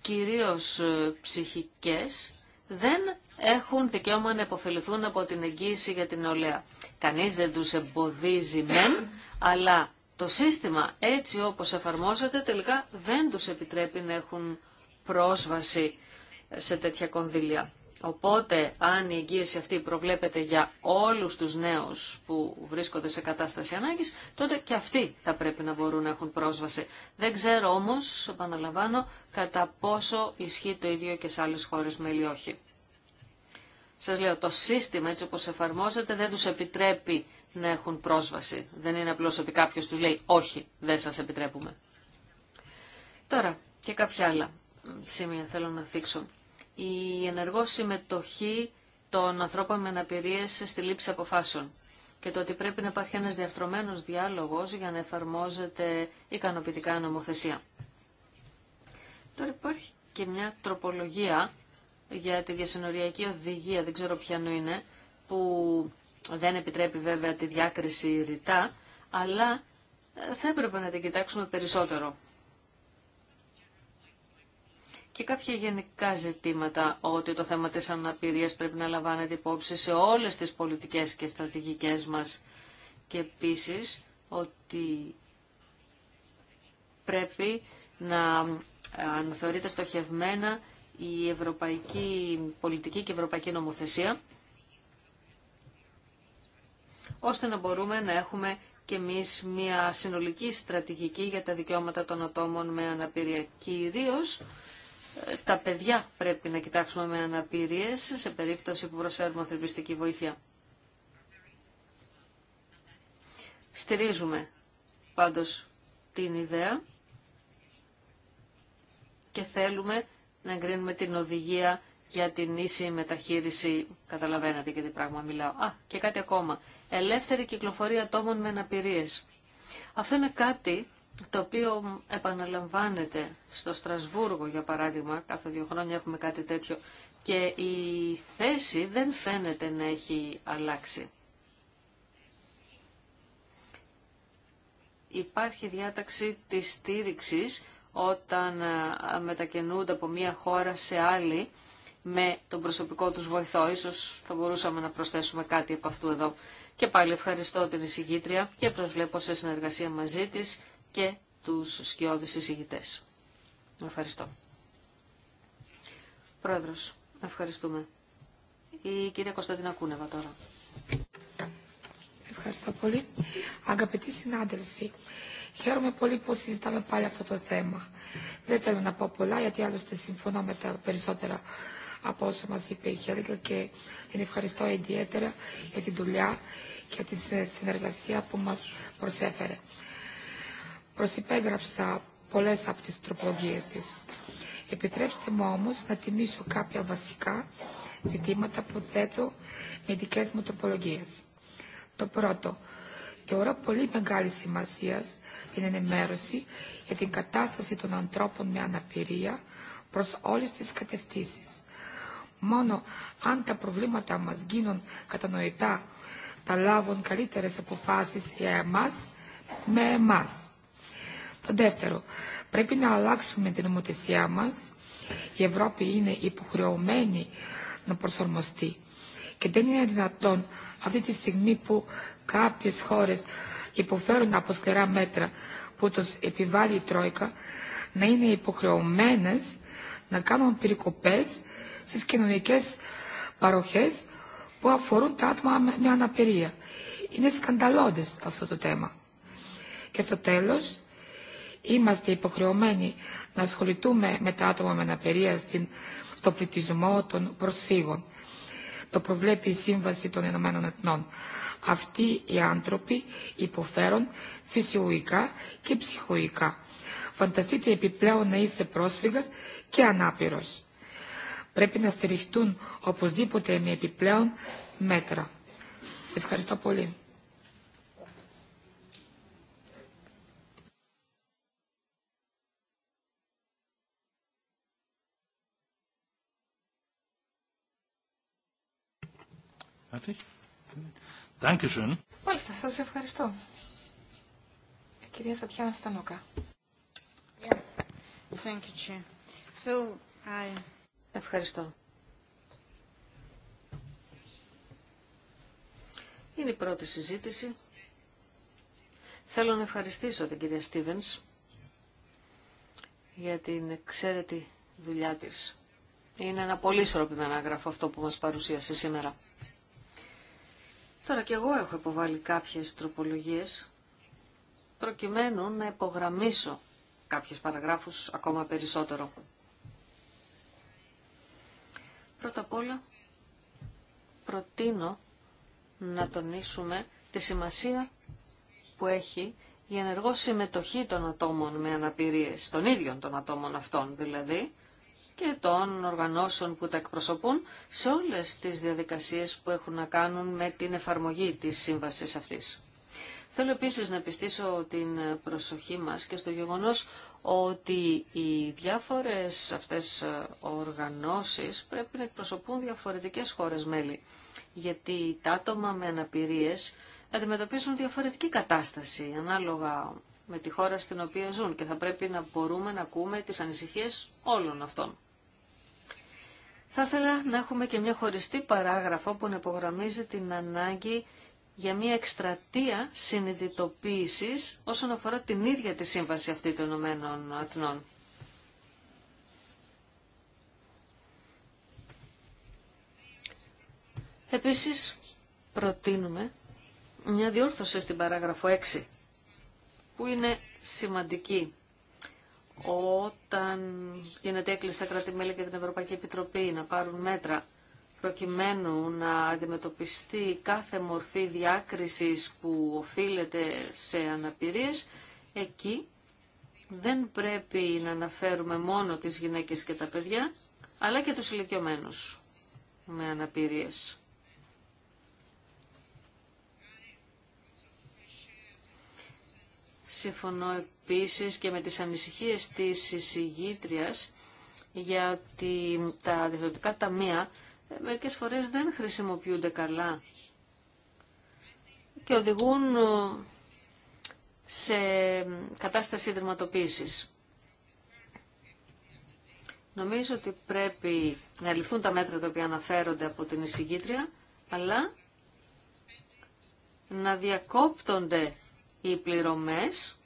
Speaker 1: κυρίως ε, ψυχικές, δεν έχουν δικαίωμα να υποφεληθούν από την εγγύηση για την νεολαία. Κανείς δεν τους εμποδίζει μεν, αλλά το σύστημα έτσι όπως εφαρμόζεται τελικά δεν τους επιτρέπει να έχουν πρόσβαση σε τέτοια κονδύλια. Οπότε, αν η εγγύηση αυτή προβλέπεται για όλους τους νέους που βρίσκονται σε κατάσταση ανάγκης, τότε και αυτοί θα πρέπει να μπορούν να έχουν πρόσβαση. Δεν ξέρω όμως, επαναλαμβάνω, κατά πόσο ισχύει το ίδιο και σε άλλες χώρες μέλη όχι. Σας λέω, το σύστημα έτσι όπως εφαρμόζεται δεν τους επιτρέπει να έχουν πρόσβαση. Δεν είναι απλώς ότι κάποιος τους λέει όχι, δεν σας επιτρέπουμε. Τώρα και κάποια άλλα σημεία θέλω να θίξω. Η ενεργό συμμετοχή των ανθρώπων με αναπηρίες στη λήψη αποφάσεων και το ότι πρέπει να υπάρχει ένας διαρθρωμένος διάλογος για να εφαρμόζεται ικανοποιητικά νομοθεσία. Τώρα υπάρχει και μια τροπολογία για τη διασυνοριακή οδηγία, δεν ξέρω ποια είναι, που δεν επιτρέπει βέβαια τη διάκριση ρητά, αλλά ε, θα έπρεπε να την κοιτάξουμε περισσότερο. Και κάποια γενικά ζητήματα ότι το θέμα της αναπηρίας πρέπει να λαμβάνεται υπόψη σε όλες τις πολιτικές και στρατηγικές μας και επίσης ότι πρέπει να ε, αναθεωρείται στοχευμένα η ευρωπαϊκή πολιτική και η ευρωπαϊκή νομοθεσία, ώστε να μπορούμε να έχουμε και εμείς μια συνολική στρατηγική για τα δικαιώματα των ατόμων με αναπηρία. Κυρίω ε, τα παιδιά πρέπει να κοιτάξουμε με αναπηρίες σε περίπτωση που προσφέρουμε ανθρωπιστική βοήθεια. Στηρίζουμε πάντως την ιδέα και θέλουμε να εγκρίνουμε την οδηγία για την ίση μεταχείριση. Καταλαβαίνετε για τι πράγμα μιλάω. Α, και κάτι ακόμα. Ελεύθερη κυκλοφορία ατόμων με αναπηρίε. Αυτό είναι κάτι το οποίο επαναλαμβάνεται στο Στρασβούργο, για παράδειγμα, κάθε δύο χρόνια έχουμε κάτι τέτοιο, και η θέση δεν φαίνεται να έχει αλλάξει. Υπάρχει διάταξη της στήριξης όταν ε, μετακινούνται από μία χώρα σε άλλη με τον προσωπικό τους βοηθό. Ίσως θα μπορούσαμε να προσθέσουμε κάτι από αυτού εδώ. Και πάλι ευχαριστώ την εισηγήτρια και προσβλέπω σε συνεργασία μαζί της και τους σκιώδεις εισηγητές. Ευχαριστώ. Πρόεδρος, ευχαριστούμε. Η κυρία Κωνσταντίνα Κούνεβα τώρα.
Speaker 5: Ευχαριστώ πολύ. Αγαπητοί συνάδελφοι, Χαίρομαι πολύ που συζητάμε πάλι αυτό το θέμα. Δεν θέλω να πω πολλά, γιατί άλλωστε συμφωνώ με τα περισσότερα από όσο μας είπε η Χέλικα και την ευχαριστώ ιδιαίτερα για την δουλειά και τη συνεργασία που μας προσέφερε. Προσυπέγραψα πολλές από τις τροπολογίες της. Επιτρέψτε μου όμως να τιμήσω κάποια βασικά ζητήματα που θέτω με δικές μου τροπολογίες. Το πρώτο, Θεωρώ πολύ μεγάλη σημασία την ενημέρωση για την κατάσταση των ανθρώπων με αναπηρία προς όλες τις κατευθύνσεις. Μόνο αν τα προβλήματα μας γίνουν κατανοητά, θα λάβουν καλύτερες αποφάσεις για εμάς με εμάς. Το δεύτερο, πρέπει να αλλάξουμε την νομοθεσία μας. Η Ευρώπη είναι υποχρεωμένη να προσαρμοστεί και δεν είναι δυνατόν αυτή τη στιγμή που κάποιες χώρες υποφέρουν από σκληρά μέτρα που τους επιβάλλει η Τρόικα, να είναι υποχρεωμένες να κάνουν περικοπές στις κοινωνικές παροχές που αφορούν τα άτομα με αναπηρία. Είναι σκανδαλώδες αυτό το θέμα. Και στο τέλος, είμαστε υποχρεωμένοι να ασχοληθούμε με τα άτομα με αναπηρία στην, στο πληθυσμό των προσφύγων το προβλέπει η Σύμβαση των Ηνωμένων Εθνών. Αυτοί οι άνθρωποι υποφέρουν φυσιολογικά και ψυχολογικά. Φανταστείτε επιπλέον να είσαι πρόσφυγας και ανάπηρος. Πρέπει να στηριχτούν οπωσδήποτε με επιπλέον μέτρα. Σε ευχαριστώ πολύ.
Speaker 4: fertig? Dankeschön.
Speaker 2: Μάλιστα, σας ευχαριστώ. Ε, κυρία Τατιάνα Στανόκα.
Speaker 1: Ευχαριστώ. Είναι η πρώτη συζήτηση. Θέλω να ευχαριστήσω την κυρία Στίβενς για την εξαίρετη δουλειά της. Είναι ένα πολύ σωροπημένο έγγραφο αυτό που μας παρουσίασε σήμερα. Τώρα και εγώ έχω υποβάλει κάποιες τροπολογίες προκειμένου να υπογραμμίσω κάποιες παραγράφους ακόμα περισσότερο. Πρώτα απ' όλα προτείνω να τονίσουμε τη σημασία που έχει η ενεργό συμμετοχή των ατόμων με αναπηρίες, των ίδιων των ατόμων αυτών δηλαδή, και των οργανώσεων που τα εκπροσωπούν σε όλες τις διαδικασίες που έχουν να κάνουν με την εφαρμογή της σύμβασης αυτής. Θέλω επίσης να πιστήσω την προσοχή μας και στο γεγονός ότι οι διάφορες αυτές οργανώσεις πρέπει να εκπροσωπούν διαφορετικές χώρες μέλη, γιατί τα άτομα με αναπηρίες αντιμετωπίζουν διαφορετική κατάσταση ανάλογα με τη χώρα στην οποία ζουν και θα πρέπει να μπορούμε να ακούμε τις ανησυχίες όλων αυτών. Θα ήθελα να έχουμε και μια χωριστή παράγραφο που να υπογραμμίζει την ανάγκη για μια εκστρατεία συνειδητοποίησης όσον αφορά την ίδια τη σύμβαση αυτή των Ηνωμένων Εθνών. Επίσης, προτείνουμε μια διόρθωση στην παράγραφο 6 που είναι σημαντική όταν γίνεται έκκληση στα κράτη-μέλη και την Ευρωπαϊκή Επιτροπή να πάρουν μέτρα προκειμένου να αντιμετωπιστεί κάθε μορφή διάκρισης που οφείλεται σε αναπηρίες, εκεί δεν πρέπει να αναφέρουμε μόνο τις γυναίκες και τα παιδιά, αλλά και τους ηλικιωμένους με αναπηρίες. Συμφωνώ επίσης και με τις ανησυχίες της εισηγήτριας γιατί τα διευθυντικά ταμεία ε, μερικές φορές δεν χρησιμοποιούνται καλά και οδηγούν ε, σε κατάσταση δερματοποίησης. Νομίζω ότι πρέπει να ληφθούν τα μέτρα τα οποία αναφέρονται από την εισηγήτρια, αλλά να διακόπτονται οι πληρωμές,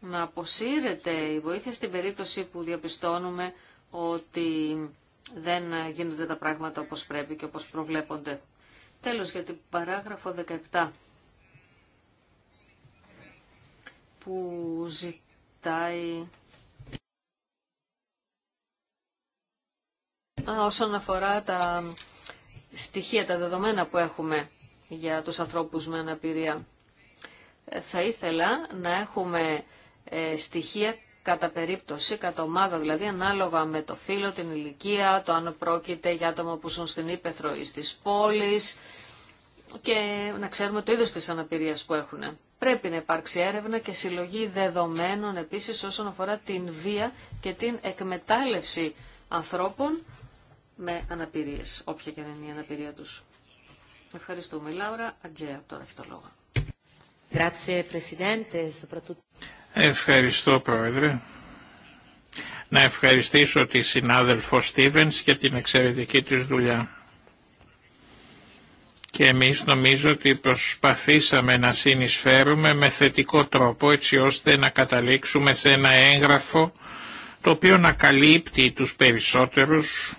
Speaker 1: να αποσύρεται η βοήθεια στην περίπτωση που διαπιστώνουμε ότι δεν γίνονται τα πράγματα όπως πρέπει και όπως προβλέπονται. Τέλος για την παράγραφο 17 που ζητάει Α, όσον αφορά τα στοιχεία, τα δεδομένα που έχουμε για τους ανθρώπους με αναπηρία θα ήθελα να έχουμε ε, στοιχεία κατά περίπτωση, κατά ομάδα, δηλαδή ανάλογα με το φύλλο, την ηλικία, το αν πρόκειται για άτομα που ζουν στην Ήπεθρο ή στις πόλεις και να ξέρουμε το είδος της αναπηρίας που έχουν. Πρέπει να υπάρξει έρευνα και συλλογή δεδομένων επίσης όσον αφορά την βία και την εκμετάλλευση ανθρώπων με αναπηρίες, όποια και να είναι η αναπηρία τους. Ευχαριστούμε Λάουρα. Ατζέα τώρα έχει το λόγο.
Speaker 4: Ευχαριστώ Πρόεδρε. Να ευχαριστήσω τη συνάδελφο Στίβενς για την εξαιρετική της δουλειά. Και εμείς νομίζω ότι προσπαθήσαμε να συνεισφέρουμε με θετικό τρόπο έτσι ώστε να καταλήξουμε σε ένα έγγραφο το οποίο να καλύπτει τους περισσότερους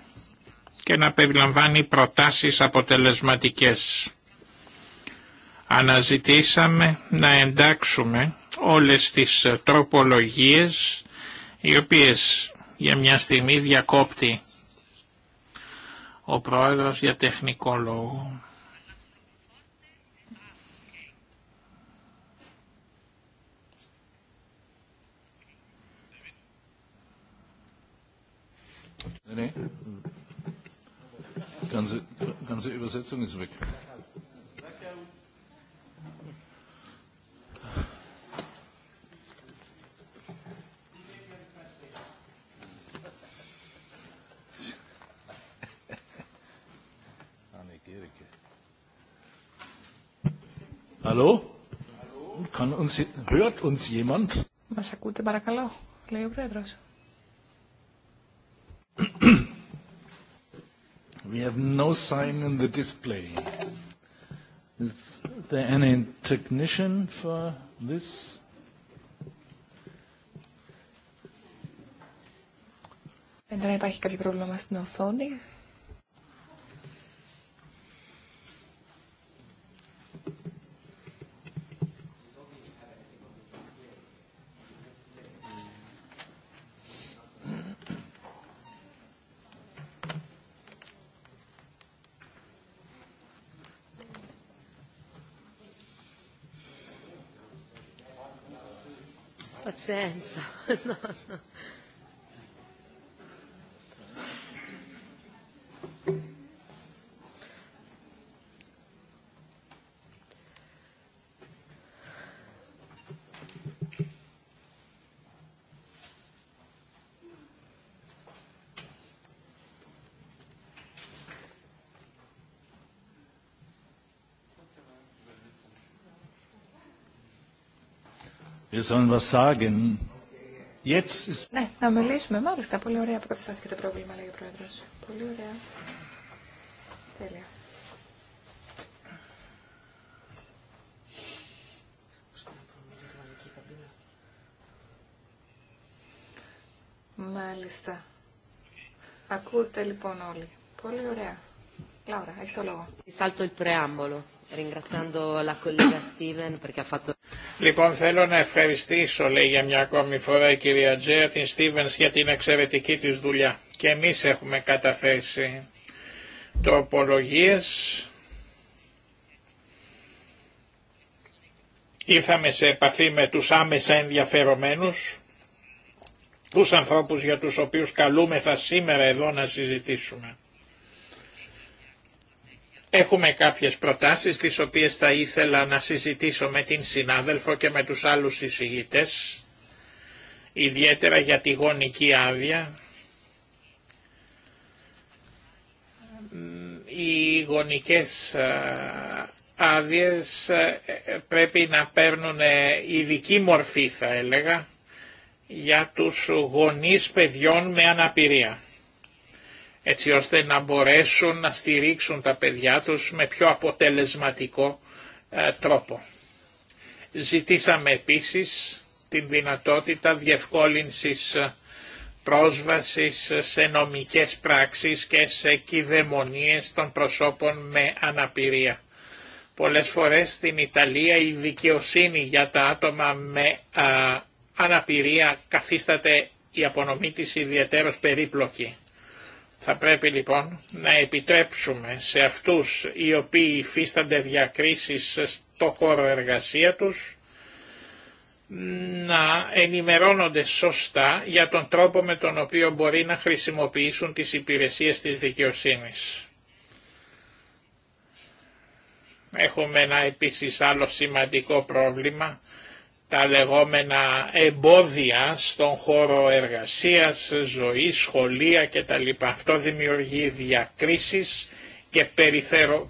Speaker 4: και να περιλαμβάνει προτάσεις αποτελεσματικές. Αναζητήσαμε να εντάξουμε όλες τις ε, τροπολογίες οι οποίες για μια στιγμή διακόπτει ο πρόεδρος για τεχνικό λόγο.
Speaker 3: Ganze, ganze Übersetzung ist weg. Hallo? Kann uns, hört uns jemand?
Speaker 2: Μας ακούτε παρακαλώ, λέει ο πρόεδρος.
Speaker 3: We have no sign in the display. Is there any technician for this?
Speaker 2: Δεν υπάρχει κάποιο πρόβλημα στην οθόνη.
Speaker 5: Σα
Speaker 2: Ναι, να μιλήσουμε. Μάλιστα, πολύ ωραία που καταστάθηκε το πρόβλημα, λέει ο Πρόεδρος. Πολύ ωραία. Τέλεια. Μάλιστα. Ακούτε λοιπόν όλοι. Πολύ ωραία. Λάουρα, έχεις το λόγο.
Speaker 5: Salto
Speaker 1: il preambolo, ringraziando la collega Steven perché ha
Speaker 4: Λοιπόν θέλω να ευχαριστήσω λέει για μια ακόμη φορά η κυρία Τζέα την Στίβενς για την εξαιρετική της δουλειά. Και εμείς έχουμε καταθέσει τροπολογίες. Ήρθαμε σε επαφή με τους άμεσα ενδιαφερομένους, τους ανθρώπους για τους οποίους καλούμεθα σήμερα εδώ να συζητήσουμε. Έχουμε κάποιες προτάσεις τις οποίες θα ήθελα να συζητήσω με την συνάδελφο και με τους άλλους εισηγητές, ιδιαίτερα για τη γονική άδεια. Οι γονικές άδειες πρέπει να παίρνουν ειδική μορφή θα έλεγα για τους γονείς παιδιών με αναπηρία έτσι ώστε να μπορέσουν να στηρίξουν τα παιδιά τους με πιο αποτελεσματικό ε, τρόπο. Ζητήσαμε επίσης την δυνατότητα διευκόλυνσης ε, πρόσβασης σε νομικές πράξεις και σε κυδαιμονίες των προσώπων με αναπηρία. Πολλές φορές στην Ιταλία η δικαιοσύνη για τα άτομα με αναπηρία καθίσταται η απονομή της ιδιαίτερος περίπλοκη. Θα πρέπει λοιπόν να επιτρέψουμε σε αυτούς οι οποίοι υφίστανται διακρίσεις στο χώρο εργασία τους να ενημερώνονται σωστά για τον τρόπο με τον οποίο μπορεί να χρησιμοποιήσουν τις υπηρεσίες της δικαιοσύνης. Έχουμε ένα επίσης άλλο σημαντικό πρόβλημα τα λεγόμενα εμπόδια στον χώρο εργασίας, ζωή, σχολεία κτλ. Αυτό δημιουργεί διακρίσεις και περιθερο,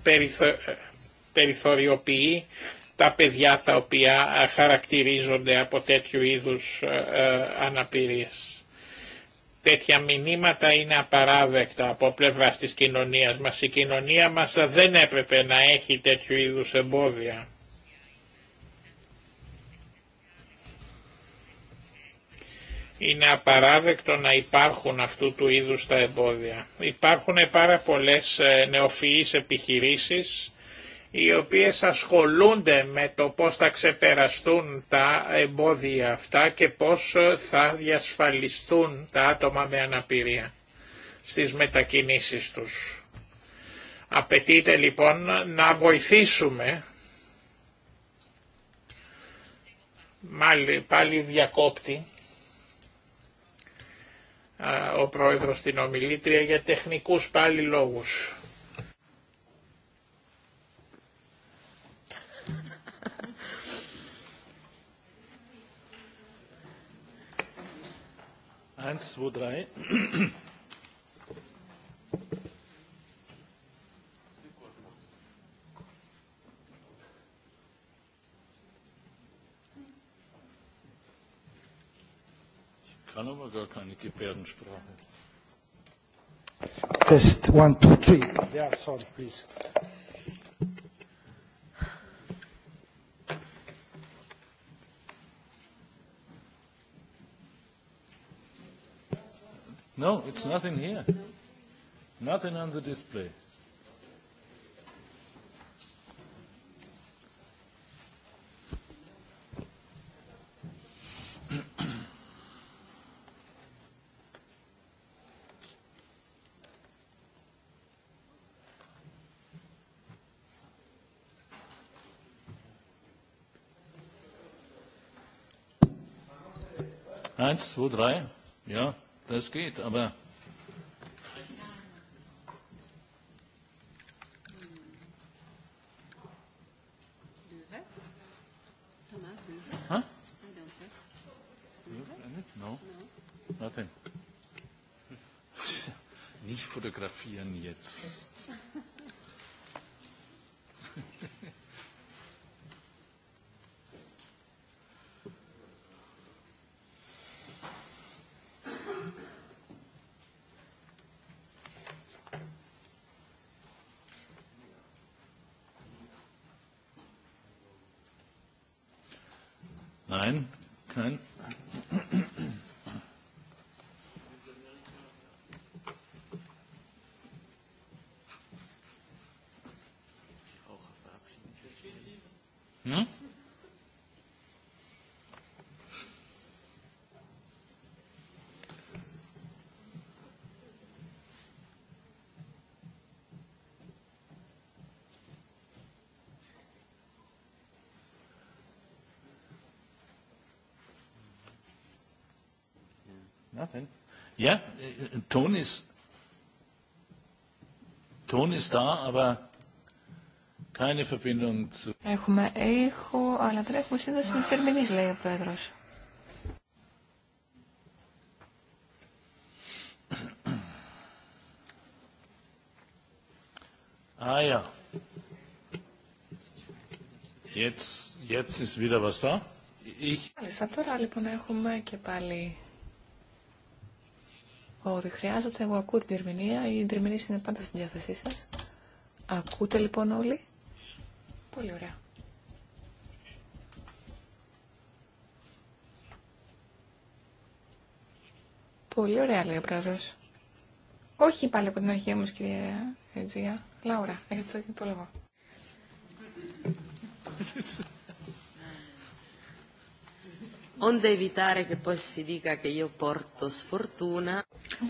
Speaker 4: περιθωριοποιεί τα παιδιά τα οποία χαρακτηρίζονται από τέτοιου είδους ε, ε, αναπηρίες. Τέτοια μηνύματα είναι απαράδεκτα από πλευρά της κοινωνίας μας. Η κοινωνία μας δεν έπρεπε να έχει τέτοιου είδους εμπόδια. Είναι απαράδεκτο να υπάρχουν αυτού του είδους τα εμπόδια. Υπάρχουν πάρα πολλές ε, νεοφυείς επιχειρήσεις οι οποίες ασχολούνται με το πώς θα ξεπεραστούν τα εμπόδια αυτά και πώς ε, θα διασφαλιστούν τα άτομα με αναπηρία στις μετακινήσεις τους. Απαιτείται λοιπόν να βοηθήσουμε, μάλλον πάλι διακόπτη, ο πρόεδρος στην ομιλήτρια για τεχνικούς πάλι λόγους.
Speaker 3: Eins, zwei, drei.
Speaker 4: kann aber gar keine Gebärdensprache. Test 1, 2, 3.
Speaker 3: are sorry, please.
Speaker 2: No, it's nothing here.
Speaker 3: Nothing on the display. Eins, zwei, drei. Ja, das geht, aber. Nicht fotografieren jetzt.
Speaker 4: Nein? Kein?
Speaker 5: happen. Ja, äh,
Speaker 3: Ton ist, Ton ist da, aber keine
Speaker 2: Έχουμε ήχο, αλλά δεν έχουμε σύνδεση με τις ερμηνείς, λέει ο Πρόεδρος. Ah ja. τώρα λοιπόν έχουμε και πάλι ότι χρειάζεται. Εγώ ακούω την τερμηνία. η τερμηνείς είναι πάντα στην διάθεσή σα. Ακούτε λοιπόν όλοι. Πολύ ωραία. Πολύ ωραία λέει ο πρόεδρο. Όχι πάλι από την αρχή όμω, κυρία Ετζία. Λάουρα, έχετε το λόγο
Speaker 4: onde evitare che poi si dica che io porto sfortuna.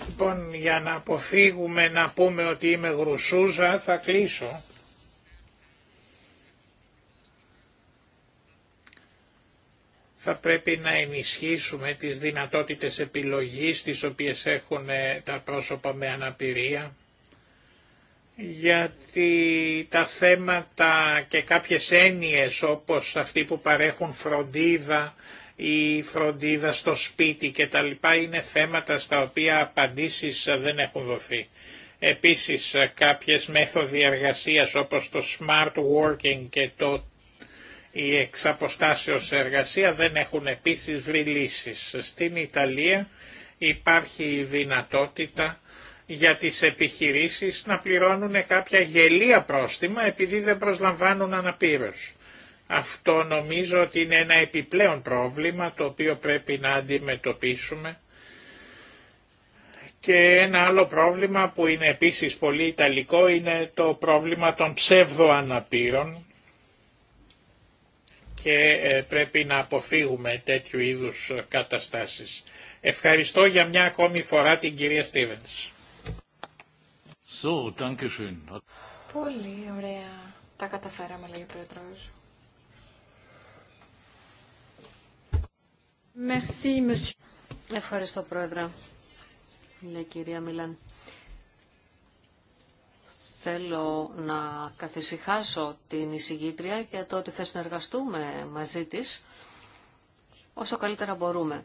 Speaker 4: Λοιπόν, για να αποφύγουμε να πούμε ότι είμαι γρουσούζα, θα κλείσω. θα πρέπει να ενισχύσουμε τις δυνατότητες επιλογής τις οποίες έχουν ε, τα πρόσωπα με αναπηρία γιατί τα θέματα και κάποιες έννοιες όπως αυτοί που παρέχουν φροντίδα, η φροντίδα στο σπίτι και τα λοιπά είναι θέματα στα οποία απαντήσεις ε, δεν έχουν δοθεί. Επίσης ε, κάποιες μέθοδοι εργασίας όπως το smart working και το η εξαποστάσεως εργασία δεν έχουν επίσης βρει λύσεις. Στην Ιταλία υπάρχει η δυνατότητα για τις επιχειρήσεις να πληρώνουν κάποια γελία πρόστιμα επειδή δεν προσλαμβάνουν αναπήρωση. Αυτό νομίζω ότι είναι ένα επιπλέον πρόβλημα το οποίο πρέπει να αντιμετωπίσουμε. Και ένα άλλο πρόβλημα που είναι επίσης πολύ ιταλικό είναι το πρόβλημα των ψεύδοαναπήρων και ε, πρέπει να αποφύγουμε τέτοιου είδους καταστάσεις. Ευχαριστώ για μια ακόμη φορά την κυρία Στίβενς. So,
Speaker 2: Πολύ ωραία. Τα καταφέραμε, λέει
Speaker 1: Ευχαριστώ, Πρόεδρε. Λέει ναι, κυρία Μιλάν. Θέλω να καθησυχάσω την εισηγήτρια για το ότι θα συνεργαστούμε μαζί της όσο καλύτερα μπορούμε.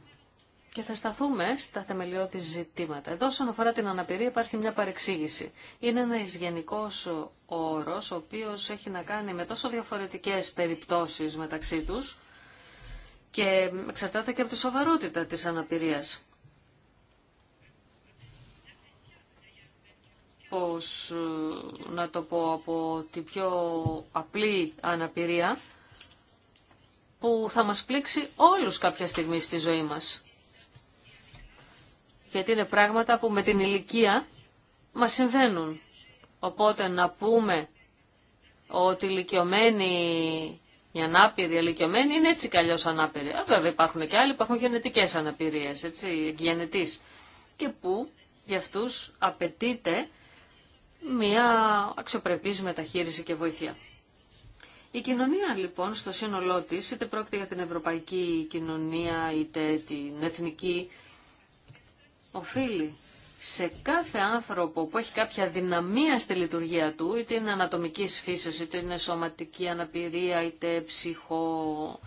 Speaker 1: Και θα σταθούμε στα θεμελιώδη ζητήματα. Εδώ, όσον αφορά την αναπηρία, υπάρχει μια παρεξήγηση. Είναι ένα γενικό όρο, ο οποίο έχει να κάνει με τόσο διαφορετικέ περιπτώσει μεταξύ του, και εξαρτάται και από τη σοβαρότητα της αναπηρίας. Πώς, ε, να το πω, από την πιο απλή αναπηρία που θα μας πλήξει όλους κάποια στιγμή στη ζωή μας. Γιατί είναι πράγματα που με την ηλικία μας συμβαίνουν. Οπότε να πούμε ότι ηλικιωμένοι οι ανάπηροι ηλικιωμένοι είναι έτσι κι αλλιώ ανάπηροι. βέβαια υπάρχουν και άλλοι που έχουν γενετικέ αναπηρίε, έτσι, γενετή. Και που για αυτού απαιτείται μια αξιοπρεπή μεταχείριση και βοήθεια. Η κοινωνία λοιπόν στο σύνολό τη, είτε πρόκειται για την ευρωπαϊκή κοινωνία είτε την εθνική, οφείλει σε κάθε άνθρωπο που έχει κάποια δυναμία στη λειτουργία του, είτε είναι ανατομικής φύσεως, είτε είναι σωματική αναπηρία, είτε ψυχο,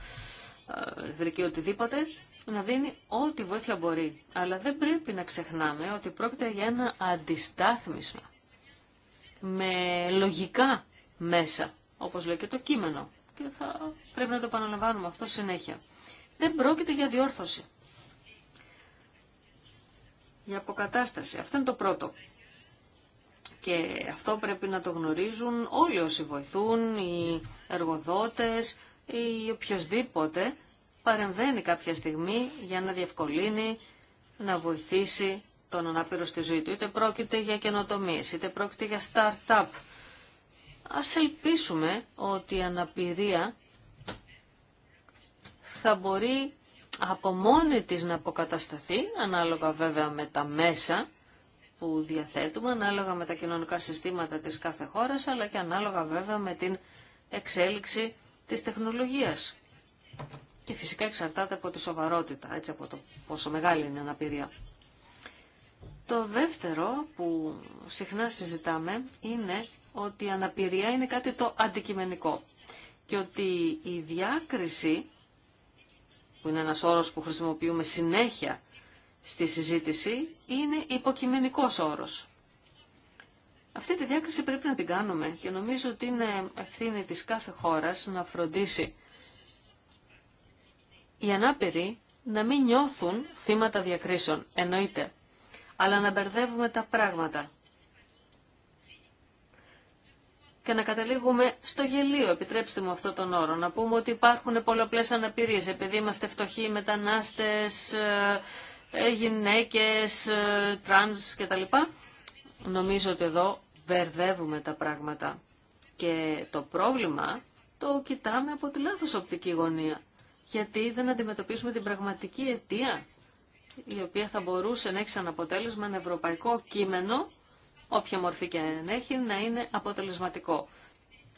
Speaker 1: ε, οτιδήποτε, να δίνει ό,τι βοήθεια μπορεί. Αλλά δεν πρέπει να ξεχνάμε ότι πρόκειται για ένα αντιστάθμισμα με λογικά μέσα, όπως λέει και το κείμενο. Και θα πρέπει να το επαναλαμβάνουμε αυτό συνέχεια. Δεν πρόκειται για διόρθωση για αποκατάσταση. Αυτό είναι το πρώτο. Και αυτό πρέπει να το γνωρίζουν όλοι όσοι βοηθούν, οι εργοδότες ή οποιοδήποτε παρεμβαίνει κάποια στιγμή για να διευκολύνει, να βοηθήσει τον ανάπηρο στη ζωή του. Είτε πρόκειται για καινοτομίε. είτε πρόκειται για start-up. Ας ελπίσουμε ότι η αναπηρία θα μπορεί από μόνη της να αποκατασταθεί, ανάλογα βέβαια με τα μέσα που διαθέτουμε, ανάλογα με τα κοινωνικά συστήματα της κάθε χώρας, αλλά και ανάλογα βέβαια με την εξέλιξη της τεχνολογίας. Και φυσικά εξαρτάται από τη σοβαρότητα, έτσι από το πόσο μεγάλη είναι η αναπηρία. Το δεύτερο που συχνά συζητάμε είναι ότι η αναπηρία είναι κάτι το αντικειμενικό και ότι η διάκριση που είναι ένας όρος που χρησιμοποιούμε συνέχεια στη συζήτηση, είναι υποκειμενικός όρος. Αυτή τη διάκριση πρέπει να την κάνουμε και νομίζω ότι είναι ευθύνη της κάθε χώρας να φροντίσει οι ανάπηροι να μην νιώθουν θύματα διακρίσεων, εννοείται, αλλά να μπερδεύουμε τα πράγματα. και να καταλήγουμε στο γελίο, επιτρέψτε μου αυτό τον όρο, να πούμε ότι υπάρχουν πολλαπλές αναπηρίες, επειδή είμαστε φτωχοί, μετανάστες, ε, ε, γυναίκες, ε, τρανς κτλ. Νομίζω ότι εδώ βερδεύουμε τα πράγματα και το πρόβλημα το κοιτάμε από τη λάθος οπτική γωνία, γιατί δεν αντιμετωπίσουμε την πραγματική αιτία η οποία θα μπορούσε να έχει σαν αποτέλεσμα ένα ευρωπαϊκό κείμενο όποια μορφή και αν έχει, να είναι αποτελεσματικό.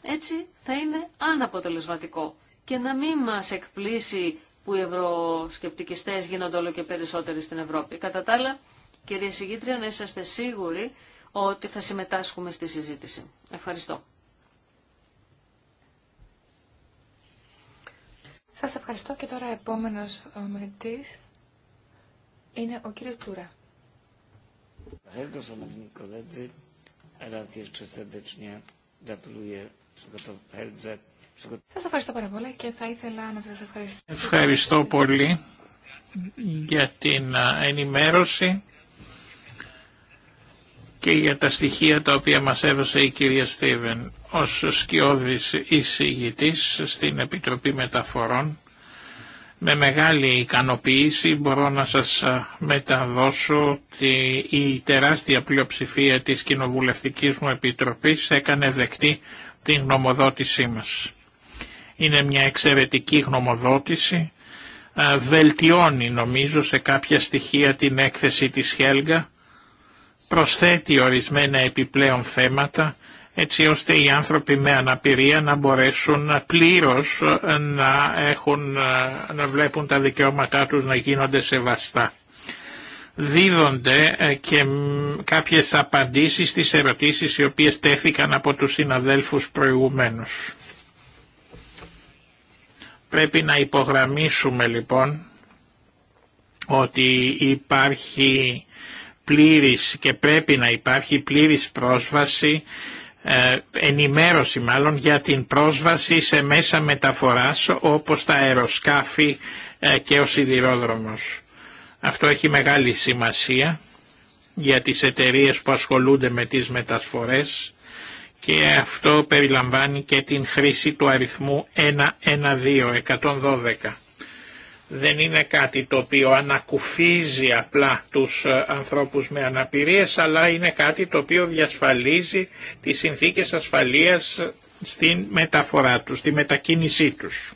Speaker 1: Έτσι θα είναι αναποτελεσματικό και να μην μας εκπλήσει που οι ευρωσκεπτικιστές γίνονται όλο και περισσότεροι στην Ευρώπη. Κατά τα άλλα, κυρία Συγήτρια, να είσαστε σίγουροι ότι θα συμμετάσχουμε στη συζήτηση. Ευχαριστώ.
Speaker 2: Σας ευχαριστώ και τώρα επόμενος ομιλητής είναι ο κύριος Τσούρα. Σας ευχαριστώ πάρα πολύ και θα ήθελα να σας ευχαριστώ. Ευχαριστώ
Speaker 4: πολύ για την ενημέρωση και για τα στοιχεία τα οποία μας έδωσε η κυρία Στίβεν. Ως σκιώδης εισηγητής στην Επιτροπή Μεταφορών με μεγάλη ικανοποίηση μπορώ να σας μεταδώσω ότι η τεράστια πλειοψηφία της Κοινοβουλευτικής μου Επιτροπής έκανε δεκτή την γνωμοδότησή μας. Είναι μια εξαιρετική γνωμοδότηση, βελτιώνει νομίζω σε κάποια στοιχεία την έκθεση της Χέλγα, προσθέτει ορισμένα επιπλέον θέματα έτσι ώστε οι άνθρωποι με αναπηρία να μπορέσουν πλήρως να, έχουν, να βλέπουν τα δικαιώματά τους να γίνονται σεβαστά. Δίδονται ε, και κάποιες απαντήσεις στις ερωτήσεις οι οποίες τέθηκαν από τους συναδέλφους προηγουμένους. Πρέπει να υπογραμμίσουμε λοιπόν ότι υπάρχει πλήρης και πρέπει να υπάρχει πλήρης πρόσβαση ε, ενημέρωση μάλλον για την πρόσβαση σε μέσα μεταφοράς όπως τα αεροσκάφη ε, και ο σιδηρόδρομος. Αυτό έχει μεγάλη σημασία για τις εταιρείες που ασχολούνται με τις μεταφορές και αυτό περιλαμβάνει και την χρήση του αριθμού 112, 112 δεν είναι κάτι το οποίο ανακουφίζει απλά τους ε, ανθρώπους με αναπηρίες, αλλά είναι κάτι το οποίο διασφαλίζει τις συνθήκες ασφαλείας στην μεταφορά τους, στη μετακίνησή τους.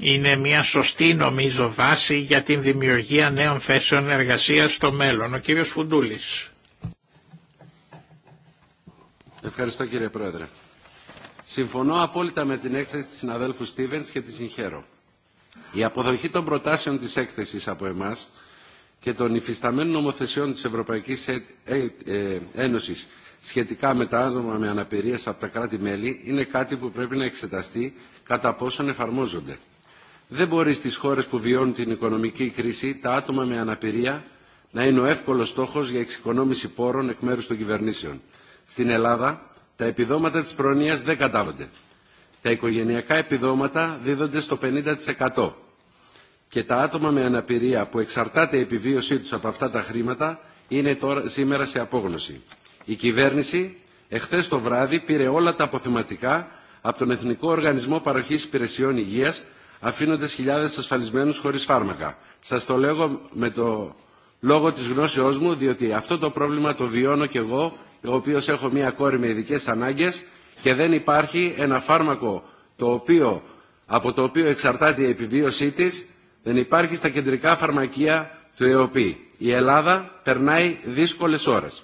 Speaker 4: Είναι μια σωστή νομίζω βάση για την δημιουργία νέων θέσεων εργασίας στο μέλλον. Ο κύριος Φουντούλης.
Speaker 3: Ευχαριστώ κύριε Πρόεδρε. Συμφωνώ απόλυτα με την έκθεση της συναδέλφου Στίβενς και τη συγχαίρω. Η αποδοχή των προτάσεων της έκθεσης από εμάς και των υφισταμένων νομοθεσιών της Ευρωπαϊκής ε- ε- ε- Ένωσης σχετικά με τα άτομα με αναπηρία από τα κράτη-μέλη είναι κάτι που πρέπει να εξεταστεί κατά πόσον εφαρμόζονται. Δεν μπορεί στις χώρες που βιώνουν την οικονομική κρίση τα άτομα με αναπηρία να είναι ο εύκολος στόχος για εξοικονόμηση πόρων εκ μέρους των κυβερνήσεων. Στην Ελλάδα τα επιδόματα της προνοίας δεν κατάβονται. Τα οικογενειακά επιδόματα δίδονται στο 50% και τα άτομα με αναπηρία που εξαρτάται η επιβίωσή τους από αυτά τα χρήματα είναι τώρα, σήμερα σε απόγνωση. Η κυβέρνηση εχθές το βράδυ πήρε όλα τα αποθεματικά από τον Εθνικό Οργανισμό Παροχής Υπηρεσιών Υγείας αφήνοντας χιλιάδες ασφαλισμένους χωρίς φάρμακα. Σας το λέγω με το λόγο της γνώσεώς μου διότι αυτό το πρόβλημα το βιώνω και εγώ ο οποίος έχω μία κόρη με ειδικέ ανάγκες και δεν υπάρχει ένα φάρμακο το οποίο, από το οποίο εξαρτάται η επιβίωσή της, δεν υπάρχει στα κεντρικά φαρμακεία του ΕΟΠΗ. Η Ελλάδα περνάει δύσκολες ώρες.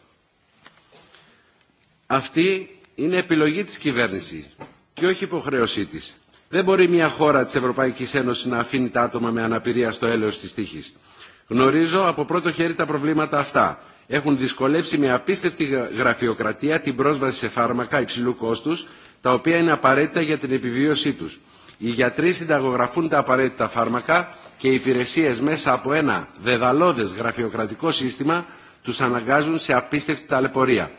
Speaker 3: Αυτή είναι επιλογή της κυβέρνησης και όχι υποχρέωσή της. Δεν μπορεί μια χώρα της Ευρωπαϊκής Ένωσης να αφήνει τα άτομα με αναπηρία στο έλεος της τύχης. Γνωρίζω από πρώτο χέρι τα προβλήματα αυτά έχουν δυσκολεύσει με απίστευτη γραφειοκρατία την πρόσβαση σε φάρμακα υψηλού κόστους, τα οποία είναι απαραίτητα για την επιβίωσή τους. Οι γιατροί συνταγογραφούν τα απαραίτητα φάρμακα και οι υπηρεσίες μέσα από ένα δεδαλώδες γραφειοκρατικό σύστημα τους αναγκάζουν σε απίστευτη ταλαιπωρία.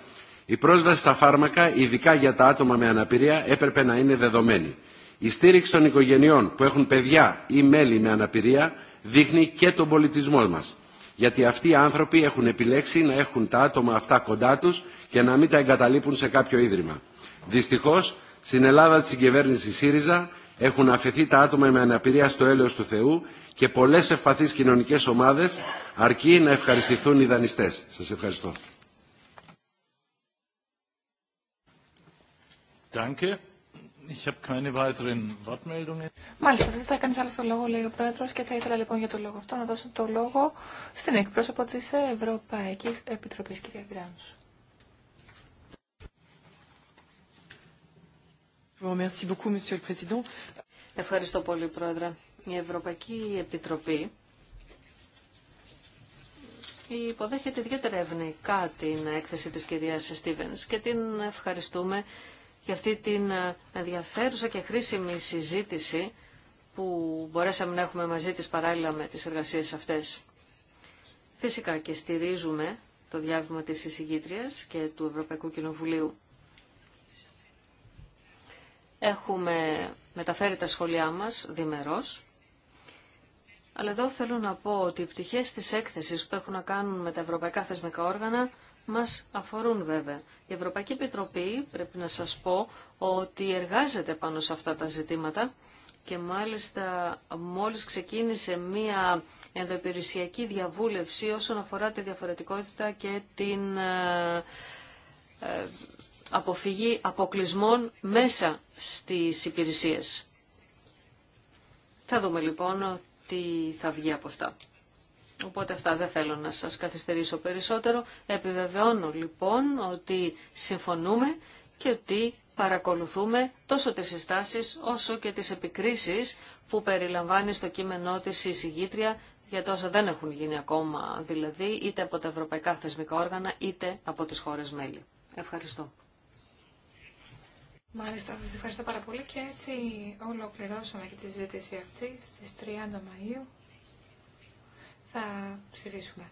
Speaker 3: Η πρόσβαση στα φάρμακα, ειδικά για τα άτομα με αναπηρία, έπρεπε να είναι δεδομένη. Η στήριξη των οικογενειών που έχουν παιδιά ή μέλη με αναπηρία δείχνει και τον πολιτισμό μας γιατί αυτοί οι άνθρωποι έχουν επιλέξει να έχουν τα άτομα αυτά κοντά τους και να μην τα εγκαταλείπουν σε κάποιο ίδρυμα. Δυστυχώς, στην Ελλάδα της συγκυβέρνηση ΣΥΡΙΖΑ έχουν αφαιθεί τα άτομα με αναπηρία στο έλεος του Θεού και πολλές ευπαθείς κοινωνικές ομάδες, αρκεί να ευχαριστηθούν οι δανειστές. Σας ευχαριστώ. Danke.
Speaker 2: Μάλιστα, δεν θα κάνει άλλο το λόγο, λέει ο Πρόεδρο, και θα ήθελα λοιπόν για το λόγο αυτό να δώσω το λόγο στην εκπρόσωπο τη Ευρωπαϊκή
Speaker 1: Επιτροπή, κυρία Γκράνου. Ευχαριστώ πολύ, Πρόεδρε. Η Ευρωπαϊκή Επιτροπή υποδέχεται ιδιαίτερα ευνοϊκά την έκθεση της κυρίας Στίβενς και την ευχαριστούμε για αυτή την ε, ενδιαφέρουσα και χρήσιμη συζήτηση που μπορέσαμε να έχουμε μαζί της παράλληλα με τις εργασίες αυτές. Φυσικά και στηρίζουμε το διάβημα της εισηγήτριας και του Ευρωπαϊκού Κοινοβουλίου. Έχουμε μεταφέρει τα σχόλιά μας διμερώς, αλλά εδώ θέλω να πω ότι οι πτυχές της έκθεσης που έχουν να κάνουν με τα ευρωπαϊκά θεσμικά όργανα μας αφορούν βέβαια. Η Ευρωπαϊκή Επιτροπή, πρέπει να σας πω, ότι εργάζεται πάνω σε αυτά τα ζητήματα και μάλιστα μόλις ξεκίνησε μία ενδοπηρεσίακή διαβούλευση όσον αφορά τη διαφορετικότητα και την ε, ε, αποφυγή αποκλεισμών μέσα στις υπηρεσίες. Θα δούμε λοιπόν τι θα βγει από αυτά. Οπότε αυτά δεν θέλω να σας καθυστερήσω περισσότερο. Επιβεβαιώνω λοιπόν ότι συμφωνούμε και ότι παρακολουθούμε τόσο τις συστάσεις όσο και τις επικρίσεις που περιλαμβάνει στο κείμενό της η συγγήτρια για τόσα δεν έχουν γίνει ακόμα δηλαδή είτε από τα ευρωπαϊκά θεσμικά όργανα είτε από τις χώρες μέλη. Ευχαριστώ.
Speaker 2: Μάλιστα, σας ευχαριστώ πάρα πολύ και έτσι ολοκληρώσαμε και τη ζήτηση αυτή στις 30 Μαΐου θα ψηφίσουμε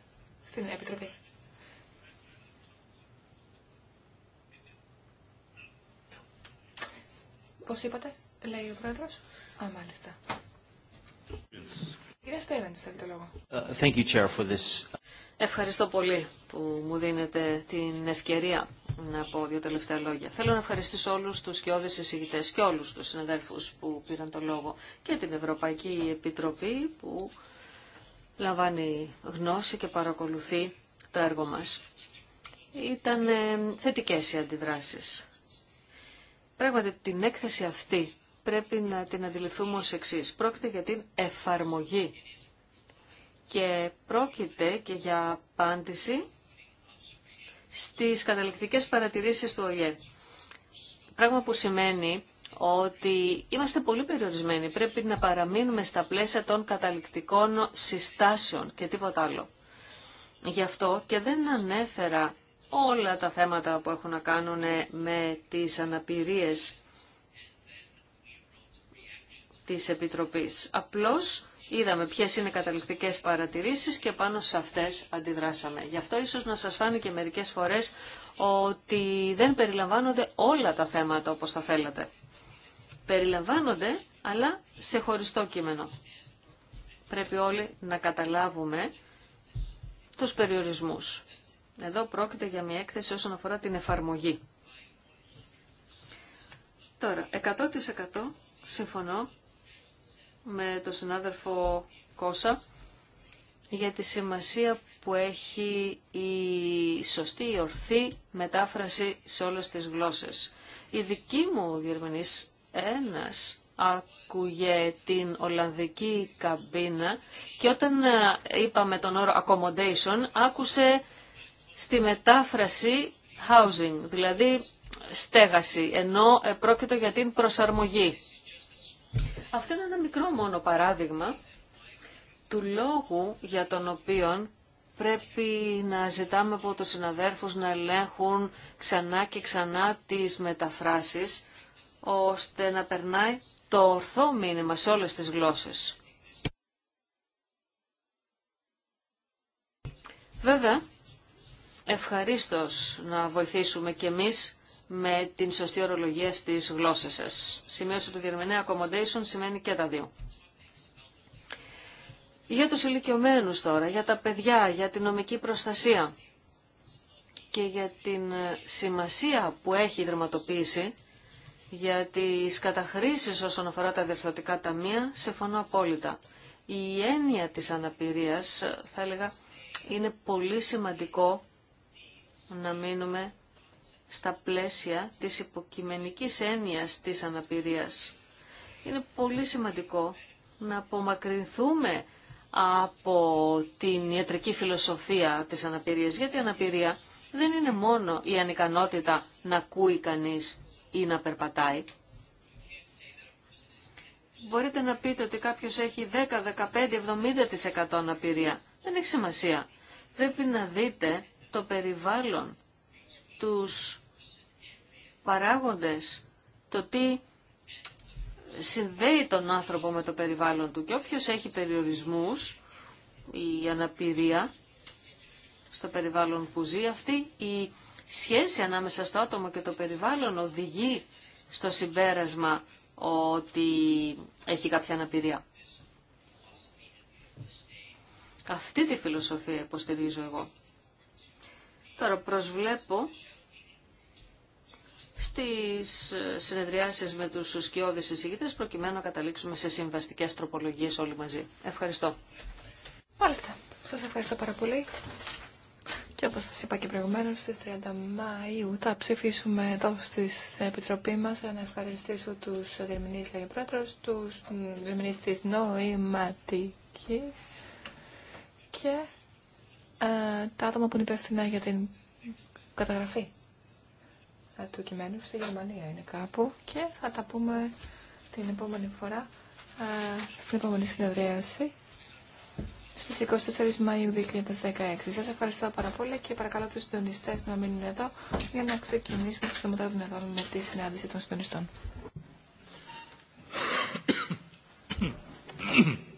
Speaker 2: στην Επιτροπή. Πώς είπατε, λέει ο Πρόεδρος. Α, μάλιστα. Κύριε Στέβεντς, θέλει το
Speaker 1: λόγο. Ε, Ευχαριστώ πολύ που μου δίνετε την ευκαιρία να πω δύο τελευταία λόγια. Θέλω να ευχαριστήσω όλους τους σκιώδες εισηγητές και όλους τους συναδέλφους που πήραν το λόγο και την Ευρωπαϊκή Επιτροπή που λαμβάνει γνώση και παρακολουθεί το έργο μας. Ήταν ε, θετικές οι αντιδράσεις. Πράγματι την έκθεση αυτή πρέπει να την αντιληφθούμε ως εξής. Πρόκειται για την εφαρμογή και πρόκειται και για απάντηση στις καταληκτικές παρατηρήσεις του ΟΙΕ. Πράγμα που σημαίνει ότι είμαστε πολύ περιορισμένοι. Πρέπει να παραμείνουμε στα πλαίσια των καταληκτικών συστάσεων και τίποτα άλλο. Γι' αυτό και δεν ανέφερα όλα τα θέματα που έχουν να κάνουν με τις αναπηρίες της Επιτροπής. Απλώς είδαμε ποιες είναι οι καταληκτικές παρατηρήσεις και πάνω σε αυτές αντιδράσαμε. Γι' αυτό ίσως να σας φάνηκε μερικές φορές ότι δεν περιλαμβάνονται όλα τα θέματα όπως θα θέλατε περιλαμβάνονται, αλλά σε χωριστό κείμενο. Πρέπει όλοι να καταλάβουμε τους περιορισμούς. Εδώ πρόκειται για μια έκθεση όσον αφορά την εφαρμογή. Τώρα, 100% συμφωνώ με τον συνάδελφο Κόσα για τη σημασία που έχει η σωστή, η ορθή μετάφραση σε όλες τις γλώσσες. Η δική μου διερμηνείς ένας άκουγε την Ολλανδική καμπίνα και όταν ε, είπαμε τον όρο accommodation άκουσε στη μετάφραση housing, δηλαδή στέγαση, ενώ ε, πρόκειται για την προσαρμογή. Αυτό είναι ένα μικρό μόνο παράδειγμα του λόγου για τον οποίο πρέπει να ζητάμε από τους συναδέρφους να ελέγχουν ξανά και ξανά τις μεταφράσεις ώστε να περνάει το ορθό μήνυμα σε όλες τις γλώσσες. Βέβαια, ευχαρίστως να βοηθήσουμε κι εμείς με την σωστή ορολογία στις γλώσσες σας. Σημείωση του διερμηνέα accommodation σημαίνει και τα δύο. Για τους ηλικιωμένους τώρα, για τα παιδιά, για την νομική προστασία και για την ε, σημασία που έχει η για τις καταχρήσεις όσον αφορά τα διευθυντικά ταμεία, συμφωνώ απόλυτα. Η έννοια της αναπηρίας, θα έλεγα, είναι πολύ σημαντικό να μείνουμε στα πλαίσια της υποκειμενικής έννοιας της αναπηρίας. Είναι πολύ σημαντικό να απομακρυνθούμε από την ιατρική φιλοσοφία της αναπηρίας, γιατί η αναπηρία δεν είναι μόνο η ανικανότητα να ακούει κανείς ή να περπατάει. Μπορείτε να πείτε ότι κάποιος έχει 10, 15, 70% αναπηρία. Δεν έχει σημασία. Πρέπει να δείτε το περιβάλλον, τους παράγοντες, το τι συνδέει τον άνθρωπο με το περιβάλλον του και όποιος έχει περιορισμούς ή αναπηρία στο περιβάλλον που ζει αυτή η σχέση ανάμεσα στο άτομο και το περιβάλλον οδηγεί στο συμπέρασμα ότι έχει κάποια αναπηρία. Αυτή τη φιλοσοφία υποστηρίζω εγώ. Τώρα προσβλέπω στις συνεδριάσεις με τους σκιώδεις εισηγητές προκειμένου να καταλήξουμε σε συμβαστικές τροπολογίες όλοι μαζί. Ευχαριστώ. Μάλιστα.
Speaker 2: Σας ευχαριστώ πάρα πολύ. Και όπως σας είπα και προηγουμένως, στις 30 Μαΐου θα ψηφίσουμε εδώ στις Επιτροπή μας να ευχαριστήσω τους διερμηνείς, λέγε πρόεδρος, τους διερμηνείς της νοηματικής και ε, τα άτομα που είναι υπεύθυνα για την καταγραφή ε, του κειμένου στη Γερμανία είναι κάπου και θα τα πούμε την επόμενη φορά ε, στην επόμενη συνεδρίαση στις 24 Μαΐου 2016. Σας ευχαριστώ πάρα πολύ και παρακαλώ τους συντονιστές να μείνουν εδώ για να ξεκινήσουμε τις με τη συνάντηση των συντονιστών.